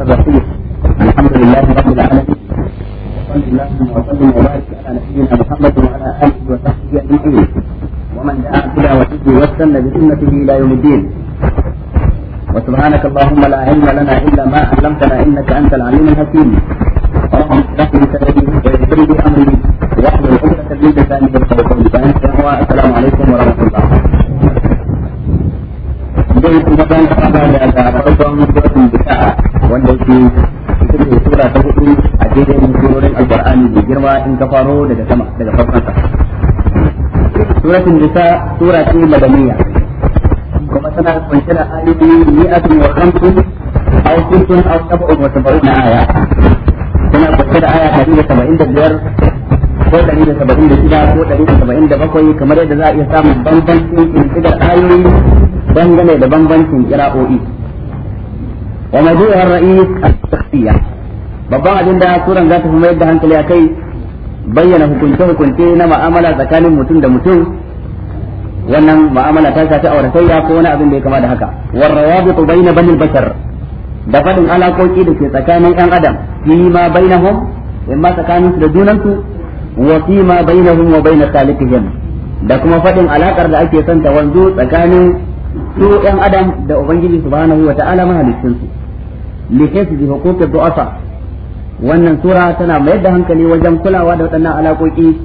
الرحيم الحمد لله رب العالمين وصلى اللهم وسلم وبارك على نبينا محمد وعلى اله وصحبه اجمعين ومن دعا بدعوته واستنى بسنته الى يوم الدين وسبحانك اللهم لا علم لنا الا ما علمتنا انك انت العليم الحكيم اللهم اشرح لي صدري ويسر لي امري واحلل عقدة من لساني يفقهوا قولي السلام عليكم ورحمه الله zai kuma ban da da da da da da da wanda yake cikin ce sura ta hudu a daidai surorin alqur'ani da girma in ka faro daga sama daga farkon sa suratul nisa sura ce madaniya kuma tana kunshe da ayoyi mi'atun wa khamsun aw sittun aw sab'un wa sab'una aya tana kunshe da aya 175 ko ɗari da saba'in da shida ko ɗari da saba'in da bakwai kamar yadda za a iya samun bambancin ƙirƙirar ayoyi dangane da bambancin kira'o'i. wa وموضوعها الرئيس الشخصية babban abin da suran za ta fi mayar hankali a kai bayyana hukunce-hukunce na ma'amala tsakanin mutum da mutum wannan ma'amala ta shafi auratayya ko wani abin da ya kama da haka warrawabitu bayna banil bashar da fadin alakoki da ke tsakanin ɗan adam fi ma bainahum imma tsakanin su da junansu wa fi ma bainahum wa bain khaliqihim da kuma fadin alaƙar da ake son ta wanzu tsakanin su ɗan adam da ubangiji subhanahu wa ta'ala mahaliccin su lihifzi huquqi du'afa wannan sura tana mayar da hankali wajen kulawa da waɗannan alaƙoƙi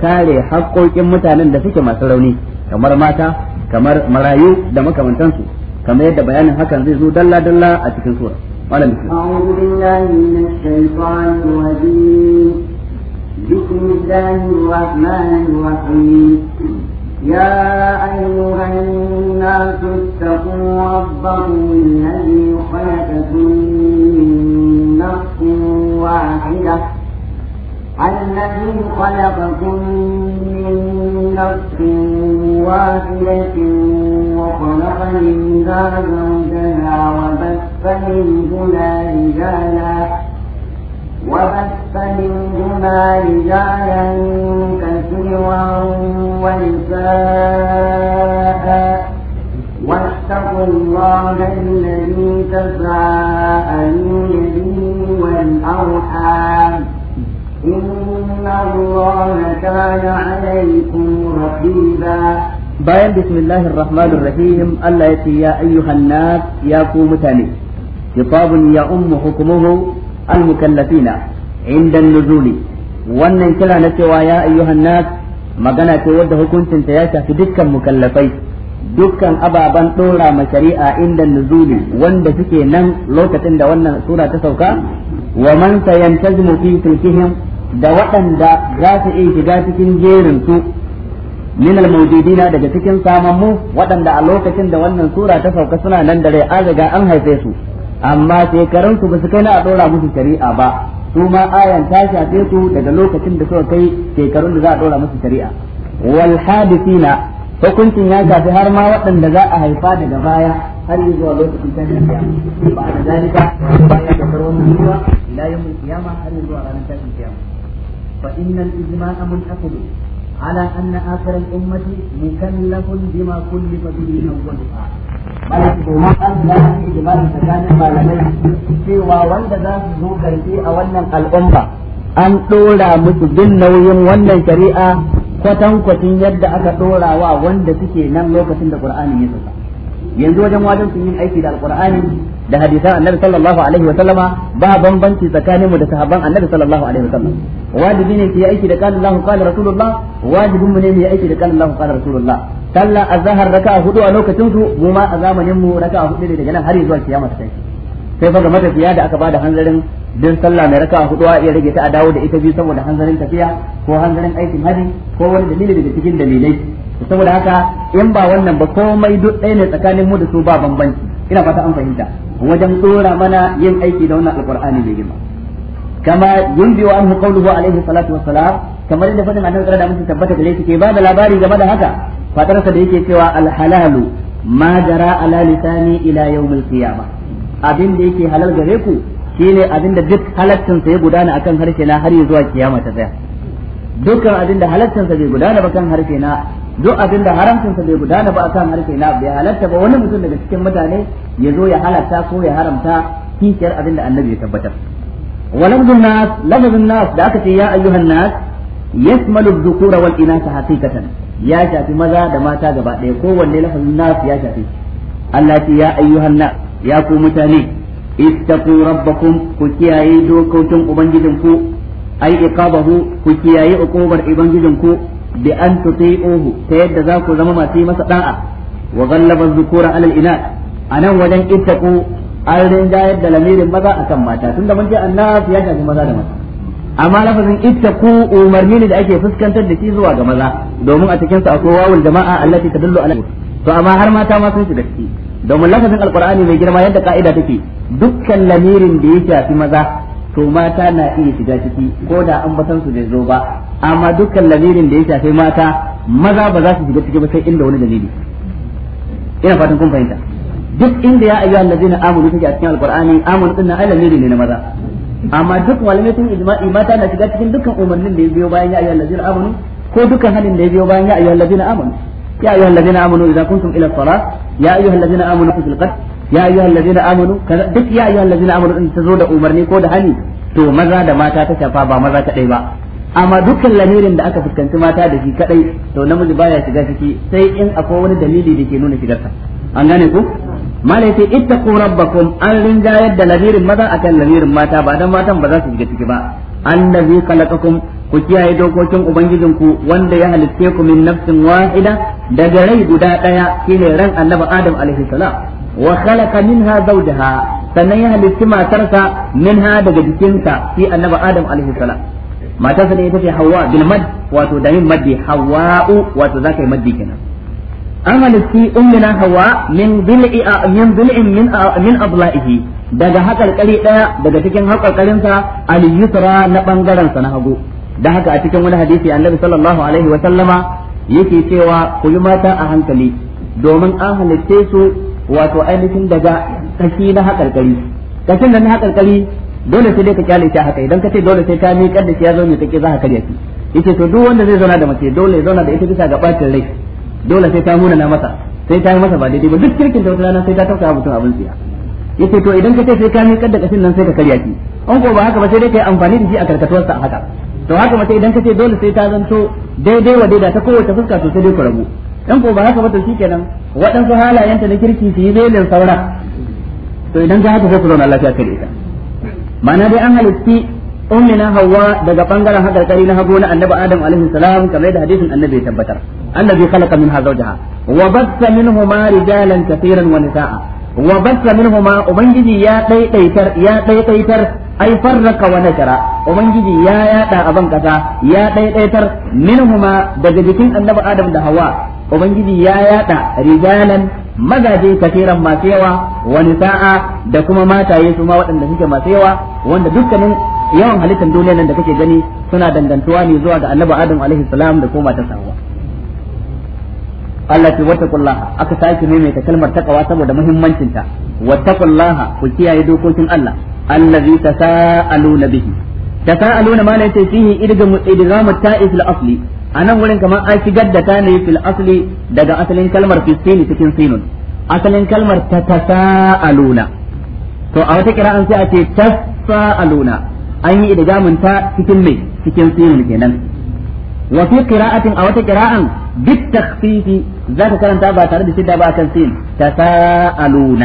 saboda kare haƙƙoƙin mutanen da suke masu rauni kamar mata kamar marayu da makamantansu kamar yadda bayanin hakan zai zo dalla dalla a cikin sura malam bismillah a'udhu billahi minash shaitanir rajim bismillahir rahmanir rahim يا أيها الناس اتقوا ربكم الذي خلقكم من نفس واحدة الذي خلقكم من نفس واحدة وخلق منها زوجها وبث منهما رجالا وبث منهما رجالا كثيرا ونساء واتقوا الله الذي تساءلون به والأرحام bayan bismillahir rahmanir rahim Allah ya ce ya ayyuhan nas ya ku mutane kitabun ya ummu hukumuhu al-mukallafina inda nuzuli wannan kira na cewa ya ayyuhan nas magana ce wadda hukuncinta ya shafi dukkan mukallafai dukkan ababen dora ma shari'a inda nuzuli wanda suke nan lokacin da wannan sura ta sauka wa man sayantazimu fi sulkihim da waɗanda za su iya shiga cikin jerin su min almawjudina daga cikin saman mu waɗanda a lokacin da wannan sura ta sauka suna nan da rai an riga an haife su amma shekarun su ba su kai na a ɗora musu shari'a ba su ma ayan ta shafe su daga lokacin da suka kai shekarun da za a ɗora musu shari'a wal hadithina hukuncin ya shafi har ma waɗanda za a haifa daga baya har yi zuwa lokacin tashin kiyama ba da zalika baya da wani zuwa ila yawmul kiyama har yi zuwa ranar tashin kiyama fa innal ijma'a munqasid ala anna akhir al ummati mukallafun bima na bihi ba. malaki domin an yi ijimali tsakanin malamai cewa wanda za su zo karfi a wannan al'umma an ɗora musu bin nauyin wannan shari'a kwatan kwatin yadda aka ɗora wa wanda suke nan lokacin da qur'ani ya saka yanzu wajen wajen sun yin aiki da alqur'ani da hadisan annabi sallallahu alaihi wa sallama ba bambanci tsakanin mu da sahabban annabi sallallahu alaihi wa sallam wajibi ne ki aiki da qala Allahu qala rasulullah wajibin mu ne mu aiki da qala Allahu qala rasulullah sallah azhar a hudu a lokacin su mu ma a zamanin mu a hudu ne daga nan har zuwa kiyama ta tashi sai fa ga matafiya da aka bada hanzarin din sallah mai a hudu a iya rage ta a dawo da ita biyu saboda hanzarin tafiya ko hanzarin aikin haji ko wani dalili daga cikin dalilai saboda haka in ba wannan ba komai duk ɗaya ne tsakanin mu da su ba bambanci ina fata an fahimta wajen tsora mana yin aiki da wannan alqur'ani mai girma kama yunbi wa anhu qawluhu alaihi salatu wassalam kamar yadda fadin annabi sallallahu alaihi wasallam tabbata gare shi ke ba da labari game da haka fatarsa da yake cewa alhalalu ma jara ala lisani ila yawmil qiyama abin da yake halal gare ku shine abin da duk halattin sa ya gudana akan harshe na har zuwa kiyama ta tsaya dukkan abin da halattin sa bai gudana ba kan harshe na duk abin da haramcin sa bai gudana ba akan harshe na bai halatta ba wani mutum daga cikin mutane ya zo ya halatta ko ya haramta kishiyar abin da annabi ya tabbatar nas ولفظ nas da aka ce ya ayyuhan nas. yasmalu dhukura wal ta haqiqatan ya shafi maza da mata gaba ɗaya kowanne lafazin nas ya shafi Allah ya ayyuhan nas ya ku mutane ittaqu rabbakum ku kiyaye dokokin ubangijin ku ai iqabahu ku kiyaye uqubar ubangijin ku bi an tuti'uhu ta yadda za ku zama masu masa da'a wa ghallaba dhukura alal inas anan wajen ittaqu an rinjayar da lamirin maza akan mata tunda mun ce annas ya shafi maza da mata amma lafazin ku umarni ne da ake fuskantar da shi zuwa ga maza domin a cikin sa akwai wawul jama'a allati tadullu ala to amma har mata ma sun shiga ciki domin lafazin alqur'ani mai girma yadda ka'ida take dukkan lamirin da ya shafi maza to mata na iya shiga ciki ko da an batan su bai zo ba amma dukkan lamirin da ya shafi mata maza ba za su shiga ciki ba sai inda wani dalili ina fatan kun fahimta duk inda ya ayyuhal ladina amanu take a cikin alqur'ani amanu din na lamirin ne na maza amma duk walimitin ijma'i mata na shiga cikin dukkan umarnin da ya biyo bayan ya ayyuhal ladzina amanu ko dukkan halin da ya biyo bayan ya ayyuhal ladzina amanu ya ayyuhal ladzina amanu idza kuntum ila salat ya ayyuhal ladzina amanu fil qad ya ayyuhal ladzina amanu kaza duk ya ayyuhal ladzina amanu din ta zo da umarni ko da hani to maza da mata ta shafa ba maza kadai ba amma dukkan lamirin da aka fuskanci mata da shi kadai to namiji baya shiga ciki sai in akwai wani dalili da ke nuna shigarsa an gane ku mala ita ittaqu rabbakum an rinjayar yadda lamirin maza akan lamirin mata ba dan matan ba za su shiga ciki ba annabi khalaqakum ku kiyaye dokokin ubangijin ku wanda ya halitte ku min nafsin wahida daga rai guda daya shine ran annabi adam alaihi salam wa khalaqa minha zawjaha sannan ya halitti matarsa minha daga jikinta shi annabi adam alaihi salam matarsa ne ita ce hawa bil mad wato da maddi hawwa wato zaka yi maddi kenan an halitti ummina hawa min bil'i min bil'in min min abla'ihi daga hakarkari daya daga cikin hakarkarin sa al-yusra na bangaren sa na hagu da haka a cikin wani hadisi annabi sallallahu alaihi wa sallama yake cewa ku yi mata a hankali domin an halitte su wato ainihin daga kashi na hakarkari kashin da na hakarkari dole sai dai ka kyale shi haka idan ka ce dole sai ka miƙar da shi ya zo mai kake za ka karya shi yace to duk wanda zai zauna da mace dole ya zauna da ita bisa ga bacin rai dole sai ta munana masa sai ta yi masa ba daidai ba duk kirkin da wata rana sai ta tauka mutum abin siya yace to idan ka ce sai ka miƙar da kasin nan sai ka karya ki an ko ba haka ba sai dai ka yi amfani da shi a karkatuwarsa a haka to haka mace idan ka ce dole sai ta zanto daidai wa daidai ta kowace fuska to sai dai ku rabu dan ko ba haka ba to shikenan waɗansu halayenta na kirki su yi belin saura to idan ka haka sai ku zauna lafiya kare ta ma'ana dai an halitti ummina hawa daga bangaren hakarkari na hago na annabi adam alaihi salam kamar da hadisin annabi ya tabbatar الذي خلق منها زوجها وبث منهما رجالا كثيرا ونساء وبث منهما أبنجي يا تيتر يا تيتر أي فرق ونشر أبنجي يا يا تا أبن كذا يا تيتر منهما دجدكين النبي آدم دهواء Ubangiji ya yada rijalan magaje kafiran masu yawa wani sa'a da kuma mataye su ma waɗanda suke masu yawa wanda dukkanin yawan halittar duniya nan da kake gani suna dangantuwa ne zuwa ga annabi Adam alaihi salam da kuma ta Hawwa Allah ce wattaqullaha aka sake maimaita kalmar takawa saboda muhimmancin ta wattaqullaha ku kiyaye dokokin Allah allazi tasaaluna bihi tasaaluna ma ne ce fihi idgamu idgamu ta'if fil asli anan wurin kamar an shigar da ta ne fil asli daga asalin kalmar fi sini cikin sinun asalin kalmar ta tasaaluna to a wata kira'an sai a ce tasaaluna an yi idgamun ta cikin mai cikin sinun kenan وفي قراءة أو قراءة بالتخفيف ذاك كلام تابع ترد سيدا با تنسين تساءلون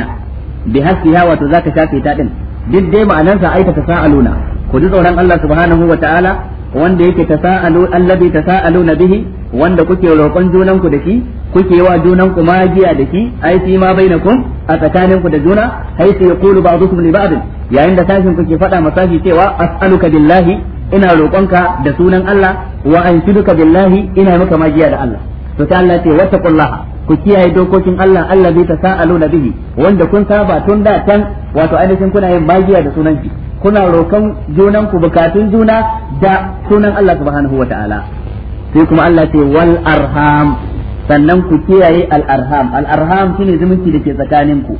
بحسها وتذاك ta تادن duk dai ma'anarsa ai ta tasa'aluna ku ji tsoron Allah subhanahu wa ta'ala wanda yake tasa'alu allazi tasa'aluna bihi wanda kuke roƙon junan ku da shi kuke wa junan ku magiya da shi ma fi ma bainakum a tsakanin ku da juna hay kulu yaqulu ba'dukum li ba'd yayin da tashin kuke faɗa masashi cewa as'aluka billahi ina roƙonka da sunan Allah wa anshiduka billahi ina maka majiya da Allah to sai Allah ce wattaqullaha ku kiyaye dokokin Allah Allah bai tasaaluna bihi wanda kun saba tun da tan wato ainihin kuna yin magiya da sunan shi kuna roƙon junan ku bukatun juna da sunan Allah subhanahu wataala sai kuma Allah ce wal arham sannan ku kiyaye al arham al arham shine zumunci da ke tsakanin ku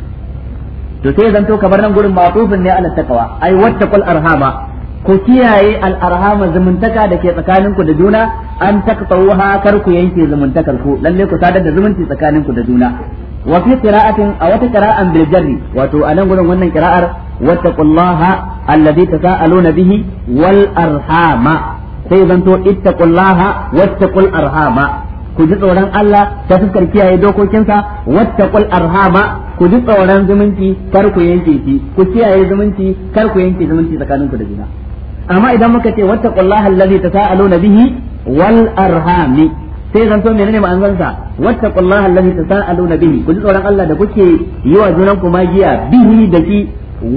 to sai zanto kamar nan gurin ma'tufin ne ala taqwa ai wattaqul arhama ku kiyaye al'arhama zumuntaka da ke tsakaninku da juna an taqtauha kar ku yanke zumuntakar ku lalle ku sadar da zumunci tsakaninku da juna wa fi qira'atin a wata qira'an bil jarri wato anan gurin wannan qira'ar wattaqullaha alladhi tasaaluna bihi wal arhama sai zanto ittaqullaha wattaqul arhama ku ji tsoron Allah ta fuskar kiyaye dokokinsa wattaqul arhama ku ji tsoron zumunci kar ku yanke shi ku kiyaye zumunci kar ku yanke zumunci tsakaninku da juna amma idan muka ce wattaqullaha allazi tasaaluna bihi wal arhami sai zan to menene ma'anar sa wattaqullaha allazi tasaaluna bihi ku ji tsoron Allah da kuke yi wa junan ku magiya bihi da si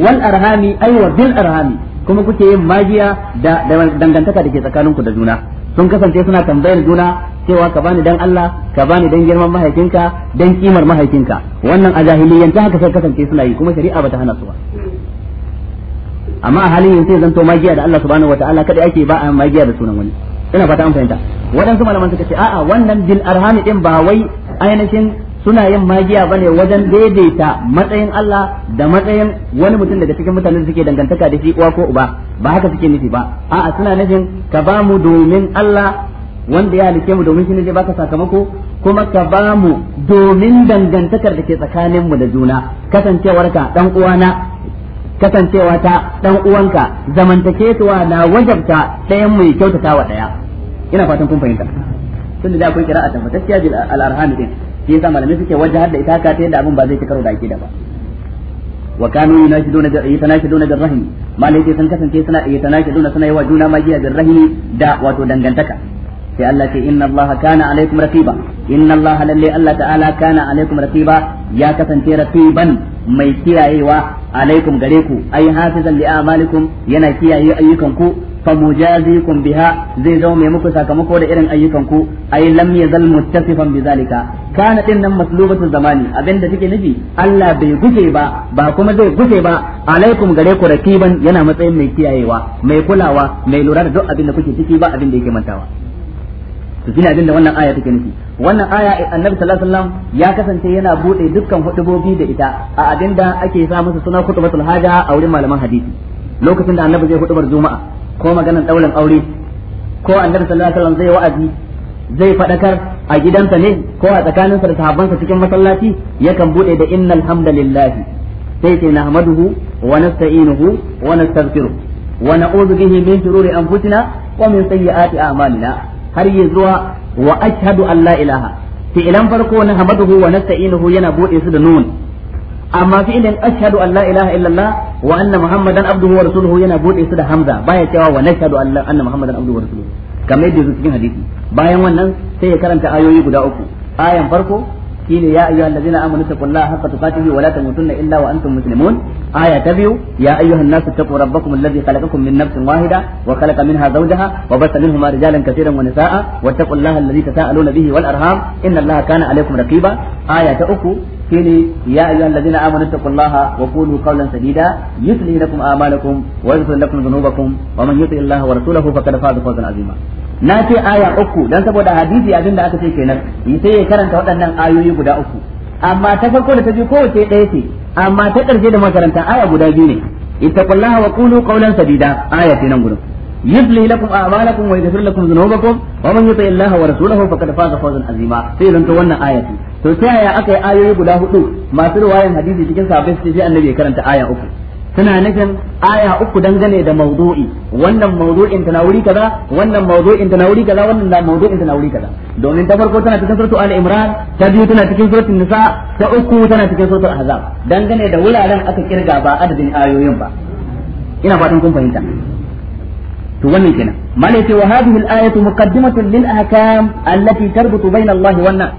wal arhami ay wa bil arhami kuma kuke yin magiya da dangantaka da ke tsakaninku da juna sun kasance suna tambayar juna cewa ka bani dan Allah ka bani dan girman mahaifinka dan kimar mahaifinka wannan a jahiliyyance haka sai kasance suna yi kuma shari'a ta hana su ba amma a halin yanzu zan to magiya da Allah subhanahu wataala kada ake ba a magiya da sunan wani ina fata an fahimta waɗansu malaman suka ce a'a wannan bil arhami din ba wai ainihin suna yin magiya bane wajen daidaita matsayin Allah da matsayin wani mutum daga cikin mutanen da suke dangantaka da shi uwa ko uba ba haka suke nufi ba a'a suna nufin ka ba mu domin Allah wanda ya halice mu domin shi ne zai baka sakamako kuma ka ba mu domin dangantakar da ke tsakanin mu da juna kasancewarka dan uwana kasancewa ta dan uwanka zamantakewa na wajabta ɗayan mai kyautata wa ɗaya ina fatan kun fahimta tun da akwai kira'a tabbatacciya bil al-arham din shi yasa malamai suke wajahar da ita ka ta yadda abin ba zai ci karo da da ba wa kanu da yatanashiduna bil rahim malai sun kasance suna yatanashiduna suna yawa juna magiya bil rahim da wato dangantaka sai Allah ce inna Allah kana alaikum raqiba inna Allah lalle Allah ta'ala kana alaikum raqiba ya kasance raqiban mai kiyayewa alaikum gare ku ai hafizan li amalikum yana kiyaye ayyukan ku fa mujazikum biha zai zama mai muku sakamako da irin ayyukan ku ai lam yazal muttasifan bizalika kana din nan maslubatu zamani abinda take nufi Allah bai guje ba ba kuma zai guje ba alaikum gare ku raqiban yana matsayin mai kiyayewa mai kulawa mai lura da duk abin da kuke ciki ba abin da yake mantawa to shine abin da wannan aya take nufi wannan aya annabi sallallahu alaihi wasallam ya kasance yana bude dukkan hudubobi da ita a abinda ake sa masa suna khutbatul haja a wurin malaman hadisi lokacin da annabi zai hudubar juma'a ko maganar daulan aure ko annabi sallallahu alaihi wasallam zai wa'azi zai fadakar a gidansa ne ko a tsakaninsa da sahabbansa cikin masallaci yakan bude da innal hamdalillahi sai ce nahmaduhu wa nasta'inuhu wa nastaghfiruh wa na'udhu bihi min shururi anfusina wa min sayyiati a'malina har ya zuwa wa ashhadu an la ilaha fi'ilan farko na hamaduhu wa nasta'inuhu yana bude su da nun amma fi'ilin ashhadu an la ilaha illallah wa anna muhammadan abduhu wa rasuluhu yana bude su da hamza baya cewa wa nashhadu anna muhammadan abduhu wa rasuluhu kamar yadda yake cikin hadisi bayan wannan sai ya karanta ayoyi guda uku ayan farko shine ya ayyuhal ladzina amanu taqullaha haqqa tuqatihi wa la tamutunna illa wa antum muslimun aya ta biyu ya ayyuhan nasu taqu rabbakum alladhi khalaqakum min nafsin wahida wa khalaqa minha zawjaha wa batha minhuma rijalan katiran wa nisaa wattaqullaha alladhi tasaaluna bihi wal arham inna allaha kana alaykum raqiba aya ta uku shine ya ayyuhal ladzina amanu taqullaha wa qulu qawlan sadida yuslih lakum a'malakum wa yaghfir lakum dhunubakum wa man yuti allaha wa rasulahu faqad faza fawzan azima na ce aya uku dan saboda hadisi abinda aka ce kenan sai ya karanta waɗannan ayoyi guda uku amma ta farko da ta biyu kowace ɗaya ce amma ta ƙarshe da makaranta aya guda biyu ne ittaqullaha wa qulu qawlan sadida aya ce nan gurin wa لكم lakum dhunubakum wa man yuti يطع wa rasulahu faqad faza fawzan azima sai zan wannan aya ce to sai aya aka yi ayoyi guda hudu masu riwayan hadisi cikin sahabbai sai annabi ya karanta aya uku suna nufin aya uku dangane da maudu'i wannan maudu'in tana wuri kaza wannan maudu'in tana wuri kaza wannan da maudu'in tana wuri kaza domin ta farko tana cikin suratul ali imran ta biyu tana cikin suratul nisa ta uku tana cikin suratul ahzab dangane da wuraren aka kirga ba adadin ayoyin ba ina fatan kun fahimta to wannan kenan malai ce wa hadhihi al-ayatu muqaddimatun lil ahkam allati tarbutu bayna Allah wan nas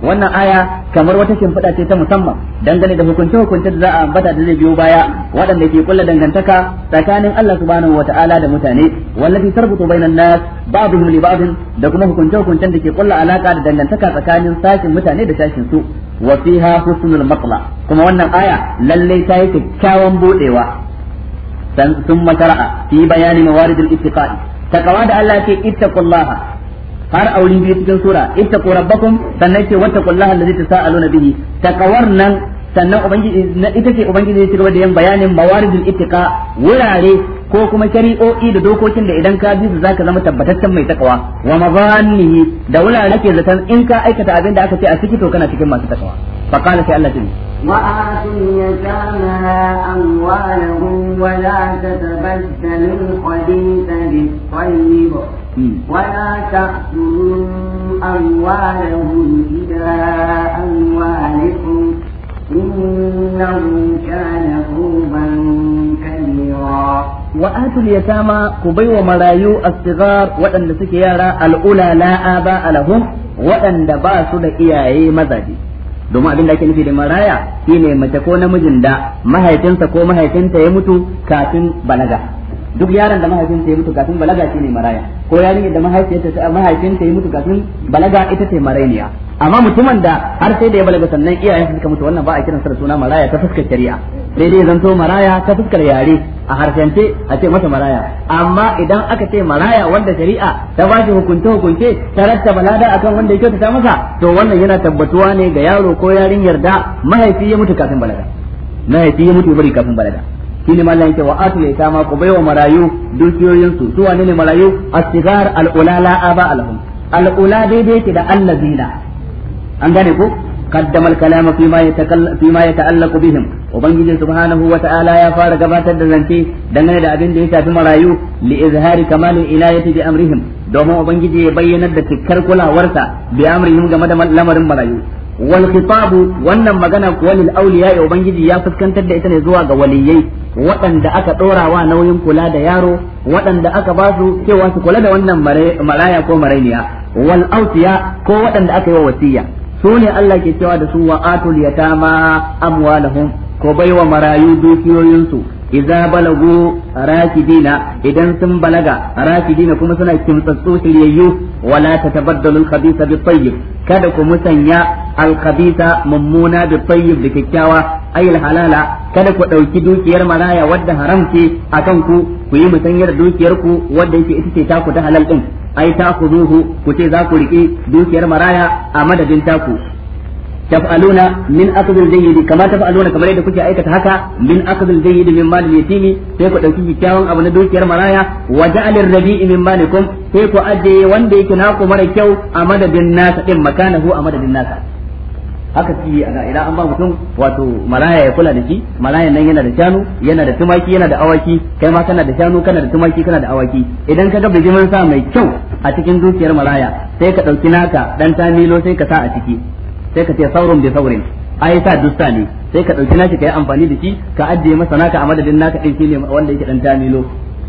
wannan aya kamar wata shimfiɗa ce ta musamman dangane da hukunce hukunce da za a ambata da zai biyo baya waɗanda ke kulla dangantaka tsakanin Allah subhanahu wata'ala da mutane wallafi tarbutu bainan nas ba'dhum li ba'd da kuma hukunce hukuncen da ke kulla alaka da dangantaka tsakanin sashin mutane da sashin su wa fiha husnul matla kuma wannan aya lalle ta yi kyakkyawan budewa sun matara'a fi bayani mawaridul ittiqai takawa da Allah ce ittaqullaha har a wurin biyu cikin sura ittaqu rabbakum sannan ce wattaqullaha allazi tasaaluna bihi takawar nan sannan ubangiji ita ce ubangiji ya gaba da yin bayanin mawaridul ittiqa wurare ko kuma shari'o'i da dokokin da idan ka bi su zaka zama tabbataccen mai takawa wa mazannihi da wurare ke zaton in ka aikata abin da aka ce a ciki to kana cikin masu takawa fa qala sai Allah ta وآتوا اليتامى أموالهم ولا تتبدلوا الخبيث بالطيب ولا تأكلوا أموالهم إلى أموالكم إنه كان حوبا كبيرا وآتوا اليتامى كبي ومرايو الصغار وأن سكيارا الأولى لا آباء لهم وأن باسوا لإياه مزاجي domin abin da ake nufi da maraya shine mace ko namijin da mahaifinsa ko mahaifinta ya mutu kafin balaga duk yaron da ta yi mutu kafin balaga shine maraya ko yarin da mahaifin ta yi mutu kafin balaga ita ce marainiya amma mutumin da har sai da ya balaga sannan iyayen suka mutu wannan ba a kiransa da suna maraya ta fuskar shari'a sai dai zanto maraya ta fuskar yare a harshente a ce masa maraya amma idan aka ce maraya wanda shari'a ta ba shi hukunce hukunce ta rattaba lada akan wanda ya kyautata masa to wannan yana tabbatuwa ne ga yaro ko yarinyar yarda mahaifi ya mutu kafin balaga mahaifi ya mutu bari kafin balaga shine mallan yake wa atul yatama ku baiwa marayu dukiyoyin su su wane ne marayu asigar alulala aba alhum alula daidai yake da allazina an gane ko kaddamar kalama فيما ta allaku bihim بهم subhanahu سبحانه وتعالى يا فار gabatar da zance dangane da abin da ya shafi marayu li izhari ya inayati bi amrihim domin ubangiji ya bayyanar da tikkar kulawarsa bi amrihim game da lamarin marayu wal wannan magana walil awliya ubangiji ya fuskantar da ita ne zuwa ga waliyai waɗanda aka ɗora wa nauyin kula da yaro waɗanda aka ba su cewa su kula da wannan maraya ko marainiya wal awsiya ko waɗanda aka yi wa wasiya su ne Allah ke cewa da su wa atul yatama amwalahum ko baiwa marayu dukiyoyinsu iza balagu rakidina idan sun balaga rakidina kuma suna kimtsatsu shiryayyu wala ta al-khabitha bi tayyib kada ku musanya al mummuna bi tayyib da kikkiawa ay halala kada ku dauki dukiyar maraya wadda haram ce akan ku ku yi musanyar dukiyar ku wadda yake ita ce taku ta halal din ai ta ku zuhu ku ce za ku rike dukiyar maraya a madadin taku تفعلون min akhdhil الجيد kama تفعلون kamar yadda kuke aikata haka min akhdhil الجيد min مال اليتيم sai ku dauki kikkiawan abu na dukiyar maraya wa ja'alir rabi'i min malikum sai ku ajiye wanda yake naku mara kyau a madadin nasa din a madadin haka ci ana idan an ba mutum wato malaya ya kula da shi maraya nan yana da shanu yana da tumaki yana da awaki kai ma kana da shanu kana da tumaki kana da awaki idan ka ga sa mai kyau a cikin dukiyar maraya sai ka dauki naka dan tamilo sai ka sa a ciki sai ka ce saurun bi saurin ai sa dusta ne sai ka ɗauki nashi kai amfani da shi ka ajiye masa naka a madadin naka din shine wanda yake dan tamilo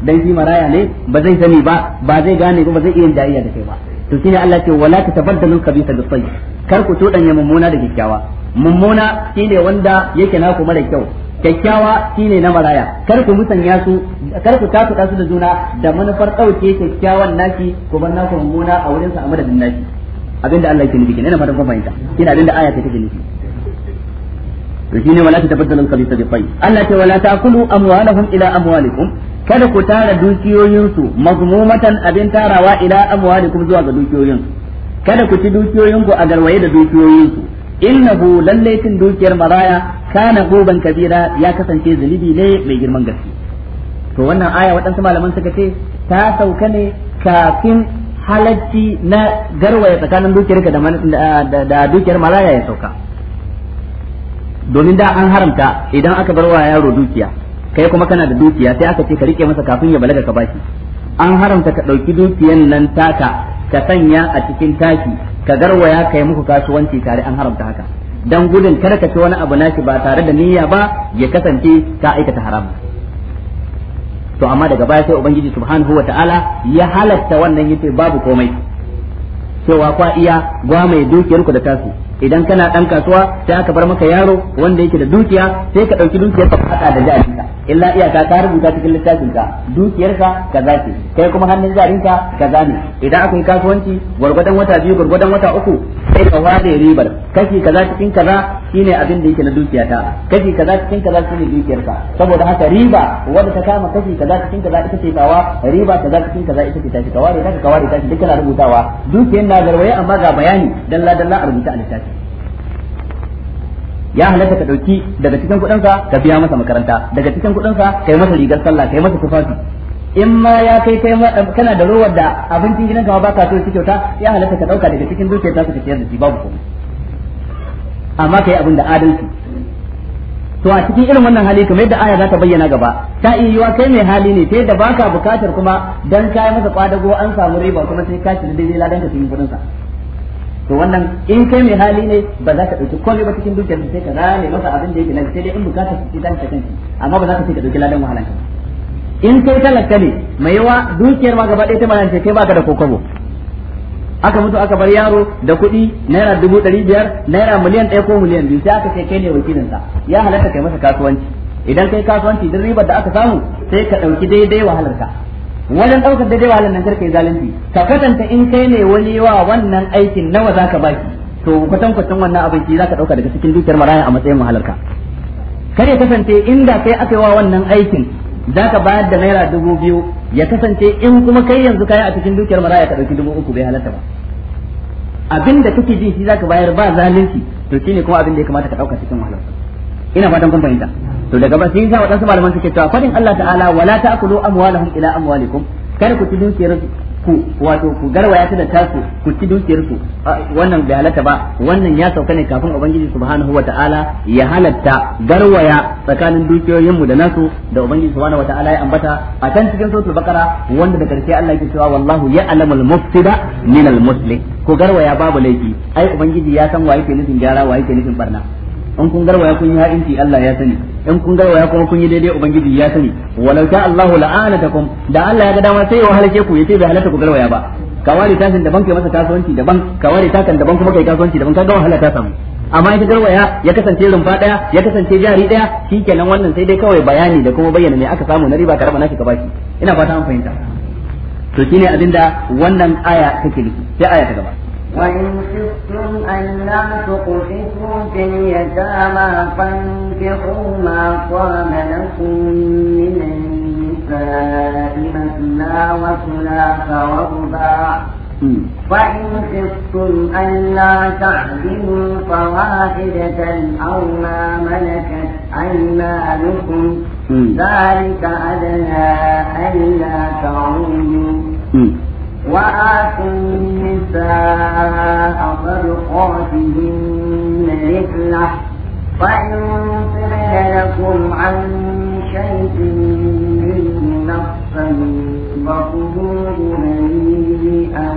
dan shi maraya ne ba zai sani ba ba zai gane ba zai iya jariya da kai ba to shine Allah ce wala ta tabaddalu kabisa da sayyid kar ku tudanya mummuna da kyakkyawa mummuna shine wanda yake naku mara kyau kyakkyawa shine na maraya kar ku musanya su kar ku tafi su da juna da manufar dauke kyakkyawan naki ku bar naku mummuna a wurin sa a madadin naki abinda Allah yake nufi kenan ina fatan kun fahimta kina abinda aya take nufi to shine wala tatabaddalu al-khabitha bi tayyib Allah ce wala ta'kulu amwalahum ila amwalikum kada ku tara dukiyoyinsu mazmumatan abin tarawa ila amwalikum zuwa ga dukiyoyinsu kada ku ci dukiyoyinku a garwaye da dukiyoyinsu innahu lallai cin dukiyar maraya kana goban kabira ya kasance zunubi ne mai girman gaske to wannan aya waɗansu malaman suka ce ta sauka ne kafin halacci na garwaya tsakanin dukiyarka da da dukiyar malaya ya sauka domin da an haramta idan aka bar wa yaro dukiya kai kuma kana da dukiya sai aka ce ka rike masa kafin ya balaga ka baki an haramta ka ɗauki dukiyan nan taka ka sanya a cikin taki ka garwaya kai muku kasuwanci tare an haramta haka dan gudun kada ka ci wani abu naki ba tare da niyya ba ya kasance ka aikata haramun to amma daga baya sai ubangiji subhanahu wataala ya halatta wannan yace babu komai cewa kwa iya gwa mai dukiyar ku da tasu idan kana dan kasuwa sai aka bar maka yaro wanda yake da dukiya sai ka dauki dukiyar ka fada da jarinka illa iya ka rubuta cikin littafin ka dukiyar ka kaza ce kai kuma hannun jarinka kaza ne idan akun kasuwanci gurgurdan wata biyu gurgurdan wata uku sai ka ware ribar kashi kaza cikin kaza shine abin da yake na dukiya ta kashi kaza cikin kaza shine dukiyar ka saboda haka riba wanda ta kama kashi kaza cikin kaza ita ce tawa riba kaza cikin kaza ita ce ta shi ka ware ta ka ware ta shi duk kana rubutawa dukiyar na garwaye amma ga bayani dalla dalla a rubuta a littafin ya halatta ka dauki daga cikin kuɗin ka biya masa makaranta daga cikin kuɗin ka kai masa rigar sallah kai masa tufafi in ma ya kai kai eh, kana da rowar da abincin gidan ka ba ka so shi kyauta ya halatta ka dauka daga cikin dukiyar ta ka ciyar da shi babu komai amma kai abin da adalci to a cikin irin wannan hali kamar yadda aya za ta bayyana gaba ta iya yiwa kai mai hali ne sai da baka bukatar kuma dan kai masa kwadago an samu riba kuma sai ka da daidai ladan ka cikin kudin sa to wannan in kai mai hali ne ba za ka dauki komai ba cikin dukiyar sai ka rame masa abin da yake nan sai dai in bukatar su dan ka kanki amma ba za ka sai ka dauki ladan wahalan ka in kai talaka ne mai yawa dukiyar ma gaba ɗaya ta malance kai baka da kokobo aka mutu aka bar yaro da kuɗi naira dubu ɗari biyar naira miliyan ɗaya ko miliyan biyu sai aka ce kai ne wakilin sa ya halarta kai masa kasuwanci idan kai kasuwanci duk ribar da aka samu sai ka ɗauki daidai wahalarka wajen ɗaukar da jawa nan karka yi zalunci ka kasanta in kai ne wani wa wannan aikin nawa zaka baki to kwatan kwatan wannan abin shi zaka ɗauka daga cikin dukiyar maraya a matsayin mahalarka kar ya kasance inda kai aka yi wa wannan aikin zaka bayar da naira dubu biyu ya kasance in kuma kai yanzu kai a cikin dukiyar maraya ka ɗauki dubu uku bai halarta ba abin da kake jin shi zaka bayar ba zalunci to shine kuma abin da ya kamata ka ɗauka cikin mahalarka ina fatan kun fahimta to daga ba sai ya wadansu malaman suke cewa fadin Allah ta'ala wala ta'kulu amwalahum ila amwalikum kada ku ci dukiyar ku wato ku garwaya ta da tasu ku ci dukiyar wannan bai halatta ba wannan ya sauka ne kafin ubangiji subhanahu wataala ya halatta garwaya tsakanin dukiyoyin mu da nasu da ubangiji subhanahu wataala ya ambata a can cikin suratul baqara wanda da karshe Allah yake cewa wallahu ya'lamul mufsida al muslih ko garwaya babu laifi ai ubangiji ya san wa yake nufin gyara wa yake nufin barna in kun garwaya kun yi ha'inci Allah ya sani in kun garwaya kuma kun yi daidai ubangiji ya sani walau ta Allahu la'anatakum da Allah ya ga dama sai ya wahalce ku yace bai halatta ku garwaya ba kawari ta san daban kai masa kasuwanci daban kawari ta takan daban kuma kai kasuwanci daban kaga wahala ta samu amma ita garwaya ya kasance rumfa daya ya kasance jari daya shikenan wannan sai dai kawai bayani da kuma bayyana ne aka samu na riba ka raba shi ka baki ina fata an fahimta to shine abinda wannan aya take nufi sai aya ta gaba وإن خفتم ألا تقسطوا في اليتامى فانكحوا ما طاب لكم من النساء مثنى وثلاث ورباع وإن خفتم ألا تعدلوا فواحدة أو ما ملكت أيمانكم ذلك أدنى ألا تعودوا وآتوا النساء صدقاتهن رحلة فإن طبن لكم عن شيء منه نفسا فخذوه هنيئا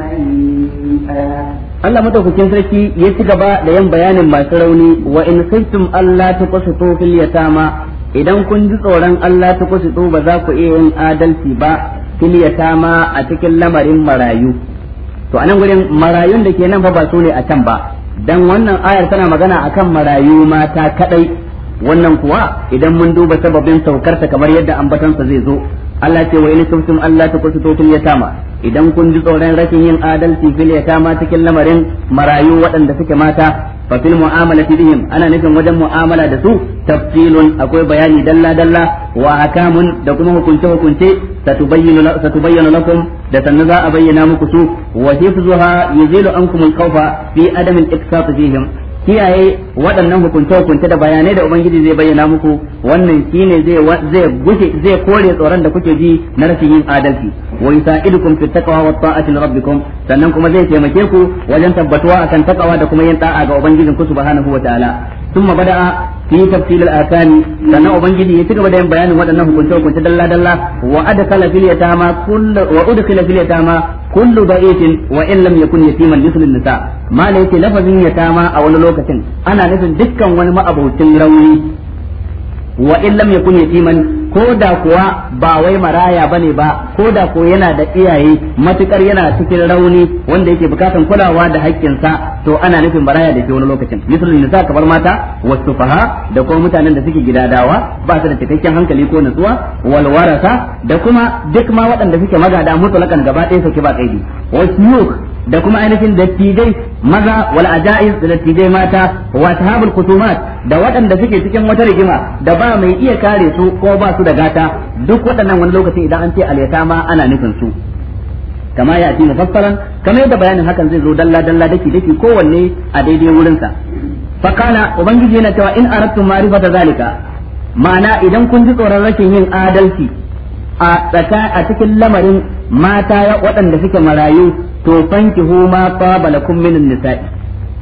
مريئا Allah madaukakin sarki ya ci gaba da yin bayanin masu rauni wa in kuntum Allah ta kusa kusuto fil yatama idan kun ji tsoron Allah ta kusa kusuto ba za ku iya yin adalci ba filiyata ma a cikin lamarin marayu to anan gurin marayun da ke nan fa ba su ne a can ba dan wannan ayar tana magana akan marayu mata kadai wannan kuwa idan mun duba sababin saukarta kamar yadda ambatansa zai zo Allah ce wa in tum Allah ta kusa fil yatama idan kun ji tsoron rashin yin adalci fil yatama cikin lamarin marayu waɗanda suke mata fa fil mu'amalati bihim ana nufin wajen mu'amala da su tafsilun akwai bayani dalla dalla wa akamun da kuma hukunce hukunce ستبين ستبين لكم لتنزا أبين مكسو وحفظها يزيل عنكم الخوف في عدم الإقساط فيهم kiyaye waɗannan hukunta hukunta da bayanai da ubangiji zai bayyana muku wannan shine zai zai gushe zai kore tsoron da kuke ji na rashin yin adalci wa yusaidukum fi taqwa wa ta'ati rabbikum sannan kuma zai taimake ku wajen tabbatuwa akan taqwa da kuma yin da'a ga ubangijin ku subhanahu wa ta'ala ثم بدا في تفصيل الآثام فأنا ابنجي يتقى بدأ بيان ودنا هكونت وكونت دلا دلا وادخل في اليتامى كل وادخل في اليتامى كل ضعيف وان لم يكن يتيما مثل النساء ما ليس لفظ يتامى أو لوكة انا نفس دكا ما أبو تنروي وان لم يكن يتيما ko da kuwa ba wai maraya bane ba ko da ko yana da iyaye matukar yana cikin rauni wanda yake bukatan kulawa da haƙƙinsa to ana nufin maraya da ke wani lokacin misalin nisa kamar mata wasu faha da kuma mutanen da suke gidadawa ba su da cikakken hankali ko nutsuwa walwarasa da kuma duk ma waɗanda suke magada mutulakan gaba ɗaya suke ba kaidi wasu da kuma ainihin dattijai maza wal ajais da dattijai mata wa tahabul khutumat da waɗanda suke cikin wata rigima da ba mai iya kare su ko ba su da gata duk waɗannan wani lokacin idan an ce alyatama ana nufin su kama ya ji mufassalan kamar yadda bayanin hakan zai zo dalla dalla daki dake kowanne a daidai wurinsa fa kana ubangiji yana cewa in marifa ma'rifata zalika ma'ana idan kun ji tsoron rashin yin adalci a tsaka a cikin lamarin mata waɗanda suke marayu to fankihu ma taba lakum min nisa'i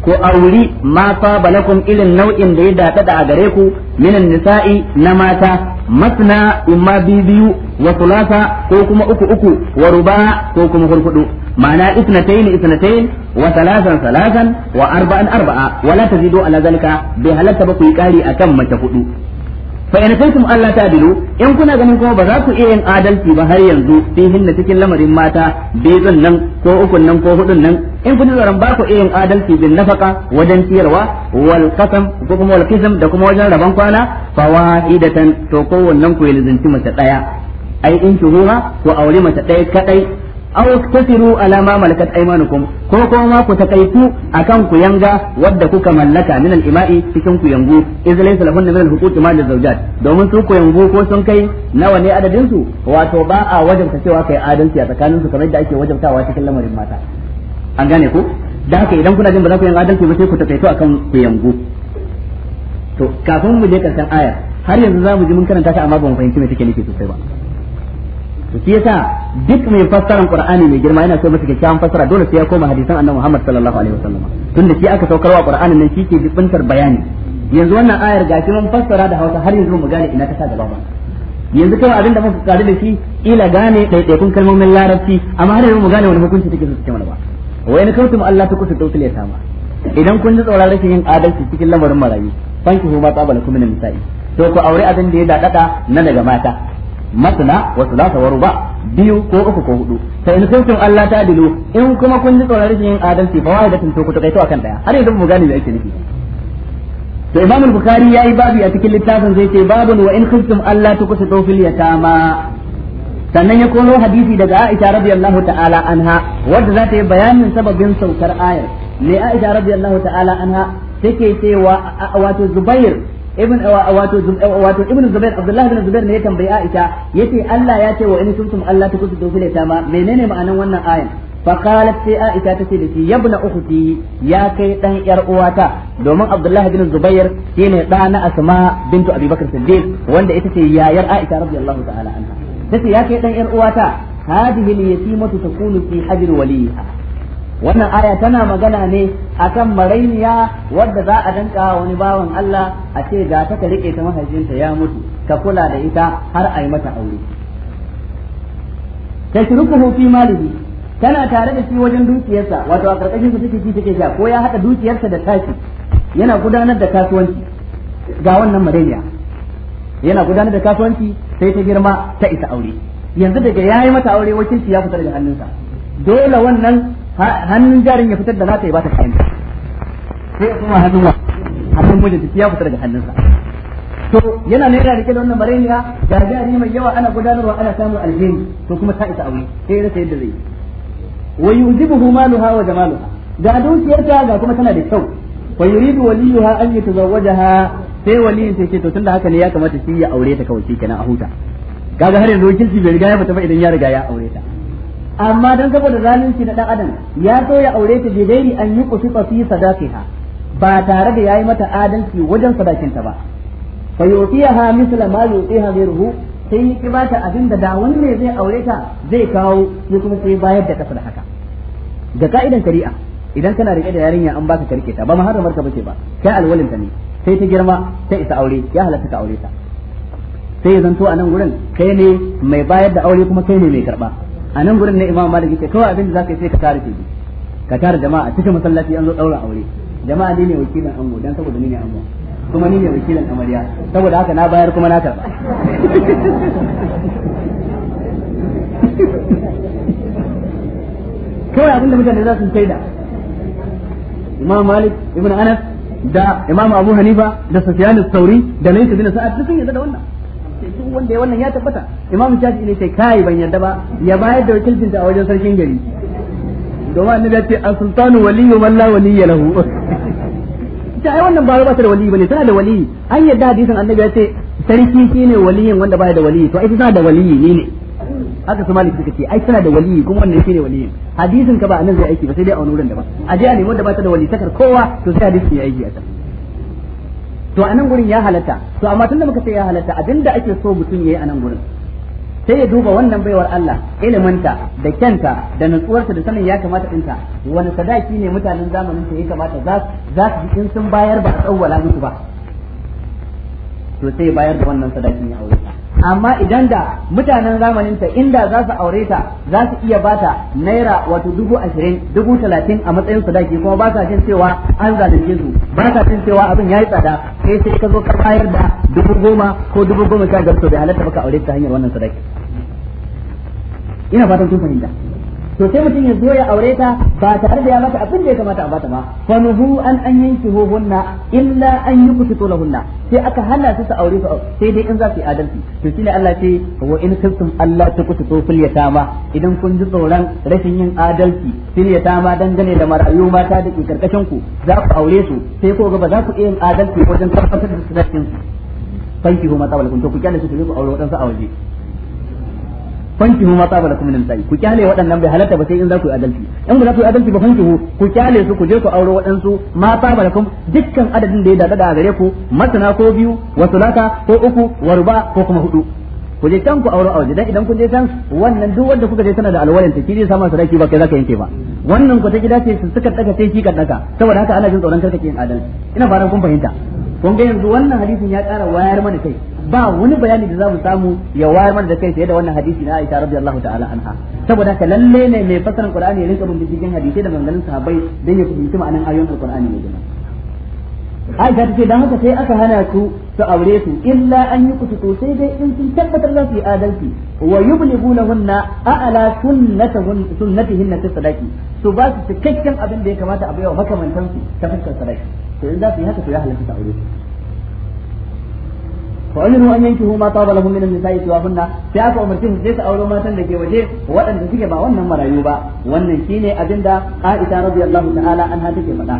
ko auri ma taba lakum irin nau'in da ya dada a gare ku min nisa'i na mata masna umma biyu wa thulatha ko kuma uku uku wa ruba ko kuma hurfudu ma'ana isnatayn isnatayn wa thalathan thalathan wa arba'an arba'a wa la tazidu ala zalika bi halatta ba ku yi kari akan mace hudu fa in kuntum Allah ta'dilu in kuna ganin kuma ba za ku iya yin adalci ba har yanzu fihin da cikin lamarin mata bezan nan ko ukun nan ko hudun nan in kuna zaran ba ku iya yin adalci bin nafaka wajen ciyarwa wal qasam ko kuma wal da kuma wajen rabon kwana fa wahidatan to ko wannan ku yanzu mace daya ai in shuhura ko aure mace daya kadai aw tasiru ala ma malakat aymanukum ko kuma ma ku takaitu akan ku yanga wadda kuka mallaka min al-ima'i cikin ku yangu iz laysa lahun min al huquq ma al-zawjat domin su ku yangu ko sun kai nawa ne adadin su wato ba a ka cewa kai adalci a tsakanin su kamar da ake wajen tawa cikin lamarin mata an gane ku da haka idan kuna jin ba za ku yanga adalci ba sai ku takaitu akan ku yangu to kafin mu je karshen aya har yanzu za mu ji mun karanta ta amma ba mu fahimci me take nufi sosai ba to shi yasa duk mai fassaran qur'ani mai girma yana so masa kyakkyawan fassara dole sai ya koma hadisan annabi Muhammad sallallahu alaihi wasallam tunda shi aka saukarwa qur'anin nan shi ke bayani yanzu wannan ayar gashi mun fassara da Hausa har yanzu mu gane ina ta sa gaba ba yanzu kawai abinda muka kare da shi ila gane daidaitun kalmomin larabci amma har yanzu mu gane wani hukunci take su mana ba wa in kuntum Allah ta kusa tawsil ya sama idan kun ji tsoron rashin yin adalci cikin lamarin marayu fanki huma tsabala kuma ne misali to ku aure abin da ya dadada na daga mata masna wa thulatha wa ruba biyu ko uku ko hudu fa in kuntum Allah ta dilu in kuma kun ji tsoron rashin yin adalci fa datin toku ku takaito akan daya har yanzu mu gane me ake nufi to Imam al ya yi babu a cikin littafin zai ce babun wa in kuntum Allah kusa tukusitu fil yatama sannan ya kono hadisi daga Aisha radiyallahu ta'ala anha wadda za ta yi bayanin sababin saukar ayar ne Aisha radiyallahu ta'ala anha take cewa wato Zubair ibn eh, wato eh, wato ibn zubair abdullah ibn zubair ne ya tambayi aisha yace Allah ya ce wa in kuntum Allah ta kusu dole ta ma menene ma'anan wannan ayan fa qalat sai aisha ta ce da shi yabna ukhti ya kai dan yar uwata domin abdullah ibn zubair shine da na asma bintu abubakar siddiq wanda ita ce yayar aisha radiyallahu ta'ala anha tace ya kai dan yar uwata hadhihi al-yatimatu takunu fi hajr waliha wannan aya tana magana ne akan marainiya wadda za a danka wani bawan Allah a ce ga ta ka rike ta mahaifinta ya mutu ka kula da ita har a yi mata aure Ta tashrukuhu fi malihi tana tare da shi wajen dukiyarsa wato a karkashin su take ci take sha ko ya hada dukiyarsa da tashi yana gudanar da kasuwanci ga wannan marainiya yana gudanar da kasuwanci sai ta girma ta isa aure yanzu daga ya yi mata aure wakilci ya fita daga hannunsa dole wannan hannun jarin ya fitar da za ta yi ba ta kayan sai ya kuma hannun hannun mijin ya fitar daga hannunsa to yana ne yana rike da wannan bareniya ga jari mai yawa ana gudanarwa ana samun alheri to kuma ta isa aure sai rasa yadda zai wa yujibuhu maluha wa jamaluha ga dukiyarta ga kuma tana da kyau wa yuridu waliyuha an yatazawwajaha sai waliyin sai ce to tunda haka ne ya kamata shi ya aure ta kawai kenan a huta kaga har yanzu wakilci bai riga ya fita ba idan ya riga ya aure ta amma dan saboda zalunci na dan adam ya so ya aure ta bidairi an yi kusufa fi sadaqiha ba tare da yayi mata adalci wajen sadakinta ba fa yutiha misla ma yutiha ghayruhu sai ki ba ta abin da da wani ne zai aure ta zai kawo ya kuma sai bayar da kafin haka ga ka'idan shari'a idan kana rike da yarinya an baka karke ta ba har ka bace ba kai alwalin ta ne sai ta girma ta isa aure ya halatta ka aure ta sai ya zanto a nan gurin kai ne mai bayar da aure kuma kai ne mai karba a nan gurin ne imam malik yake kawai abin da zaka yi sai ka tare shi ka tare jama'a cikin masallaci an zo daura aure jama'a ne ne wakilin ango dan saboda ni ne ango kuma ni ne wakilin amarya saboda haka na bayar kuma na karba kawai abin da mutane za su shaida imam malik ibn anas da imam abu hanifa da sufyan as-sauri da laysa bin sa'ad duk sun yarda da wannan duk wanda ya wannan ya tabbata imam shafi'i ne sai kai ban yarda ba ya bayar da wakilcin ta a wajen sarkin gari domin annabi ya ce as-sultanu waliyyu man la waliyya lahu ta ai wannan ba ba ta da waliyyi bane tana da waliyyi an yarda hadisin annabi ya ce sarki shine waliyin wanda baya da waliyyi to ai tana da waliyyi ne ne haka su maliki suka ce ai tana da waliyyi kuma wannan shine waliyin hadisin ka ba annabi zai aiki ba sai dai a wani wurin da ba a je a nemi wanda ba ta da waliyyi takar kowa to sai hadisin ya aiki a ta. to a nan gurin ya halatta to amma tunda muka ce ya halatta abinda ake so mutum yayi a nan gurin sai ya duba wannan baiwar Allah iliminta da kyanta da nutsuwarta da sanin ya kamata dinta wani sadaki ne mutanen zamanin ta ya kamata za za su in sun bayar ba a tsawwala musu ba to sai bayar da wannan sadakin ya aure amma idan da mutanen zamanin ta inda za su aure ta za su iya bata naira wato dubu ashirin dubu talatin a matsayin sadaki kuma ba sa jin cewa an zalunce su ba sa jin cewa abin ya yi tsada sai sai ka zo ka bayar da dubu goma ko dubu goma sha biyar to bai halatta baka aure ta hanyar wannan sadaki ina fatan kun fahimta to sai mutum ya zo ya aure ta ba tare da ya mata abin da ya kamata a bata ba fa nuhu an an yanki hunna illa an tola hunna sai aka hana su su aure su sai dai in za su yi adalci to shine Allah ce wa in kuntum Allah ta kutu fil yatama idan kun ji tsoron rashin yin adalci fil yatama dangane da marayu mata da ke karkashin ku za ku aure su sai ko ga ba za ku iya yin adalci wajen tabbatar da su da cikin su fanki huma kun to ku kyale su ku aure wadansu a waje fankihu ma tsaba lakum min nisa'i ku kyale waɗannan bai halatta ba sai in za ku yi adalci in ba za ku yi adalci ba fankihu ku kyale su ku je ku auro waɗansu ma tsaba lakum dukkan adadin da ya dada da gare ku masana ko biyu wasu laka ko uku wa ko kuma hudu ku je can ku auro a waje dan idan kun je can wannan duk wanda kuka je tana da alwalan ta kije sama sadaki ba kai ka yanke ba wannan ku ta gida ce su suka daga sai kika daga saboda haka ana jin tsoron karkake yin adalci ina fara kun fahimta kun ga yanzu wannan hadisin ya ƙara wayar mana kai ba wani bayani da zamu samu ya wayar mana da kai fiye da wannan hadisi na Aisha radiyallahu ta'ala anha saboda haka lalle ne mai fasaran Qur'ani ya rinka bin diddigin hadisi da maganganun sahabbai dan ya fahimci ma'anar ayoyin Qur'ani ne jama'a Aisha ta ce dan haka sai aka hana su su aure su illa an yi kusuto sai dai in sun tabbatar za su yi adalci wa yublighunahunna a'la sunnatahun sunnatihin fi sadaqi su ba su cikakken abin da ya kamata a baiwa makamantan su ta fuskar sadaqi to in za su yi haka to ya halatta aure su fa ajru an yankihu ma taba lahum min an-nisa'i siwahunna sai aka umarci su sai su aure matan da ke waje waɗanda suke ba wannan marayu ba wannan shine abinda Aisha radiyallahu ta'ala anha take faɗa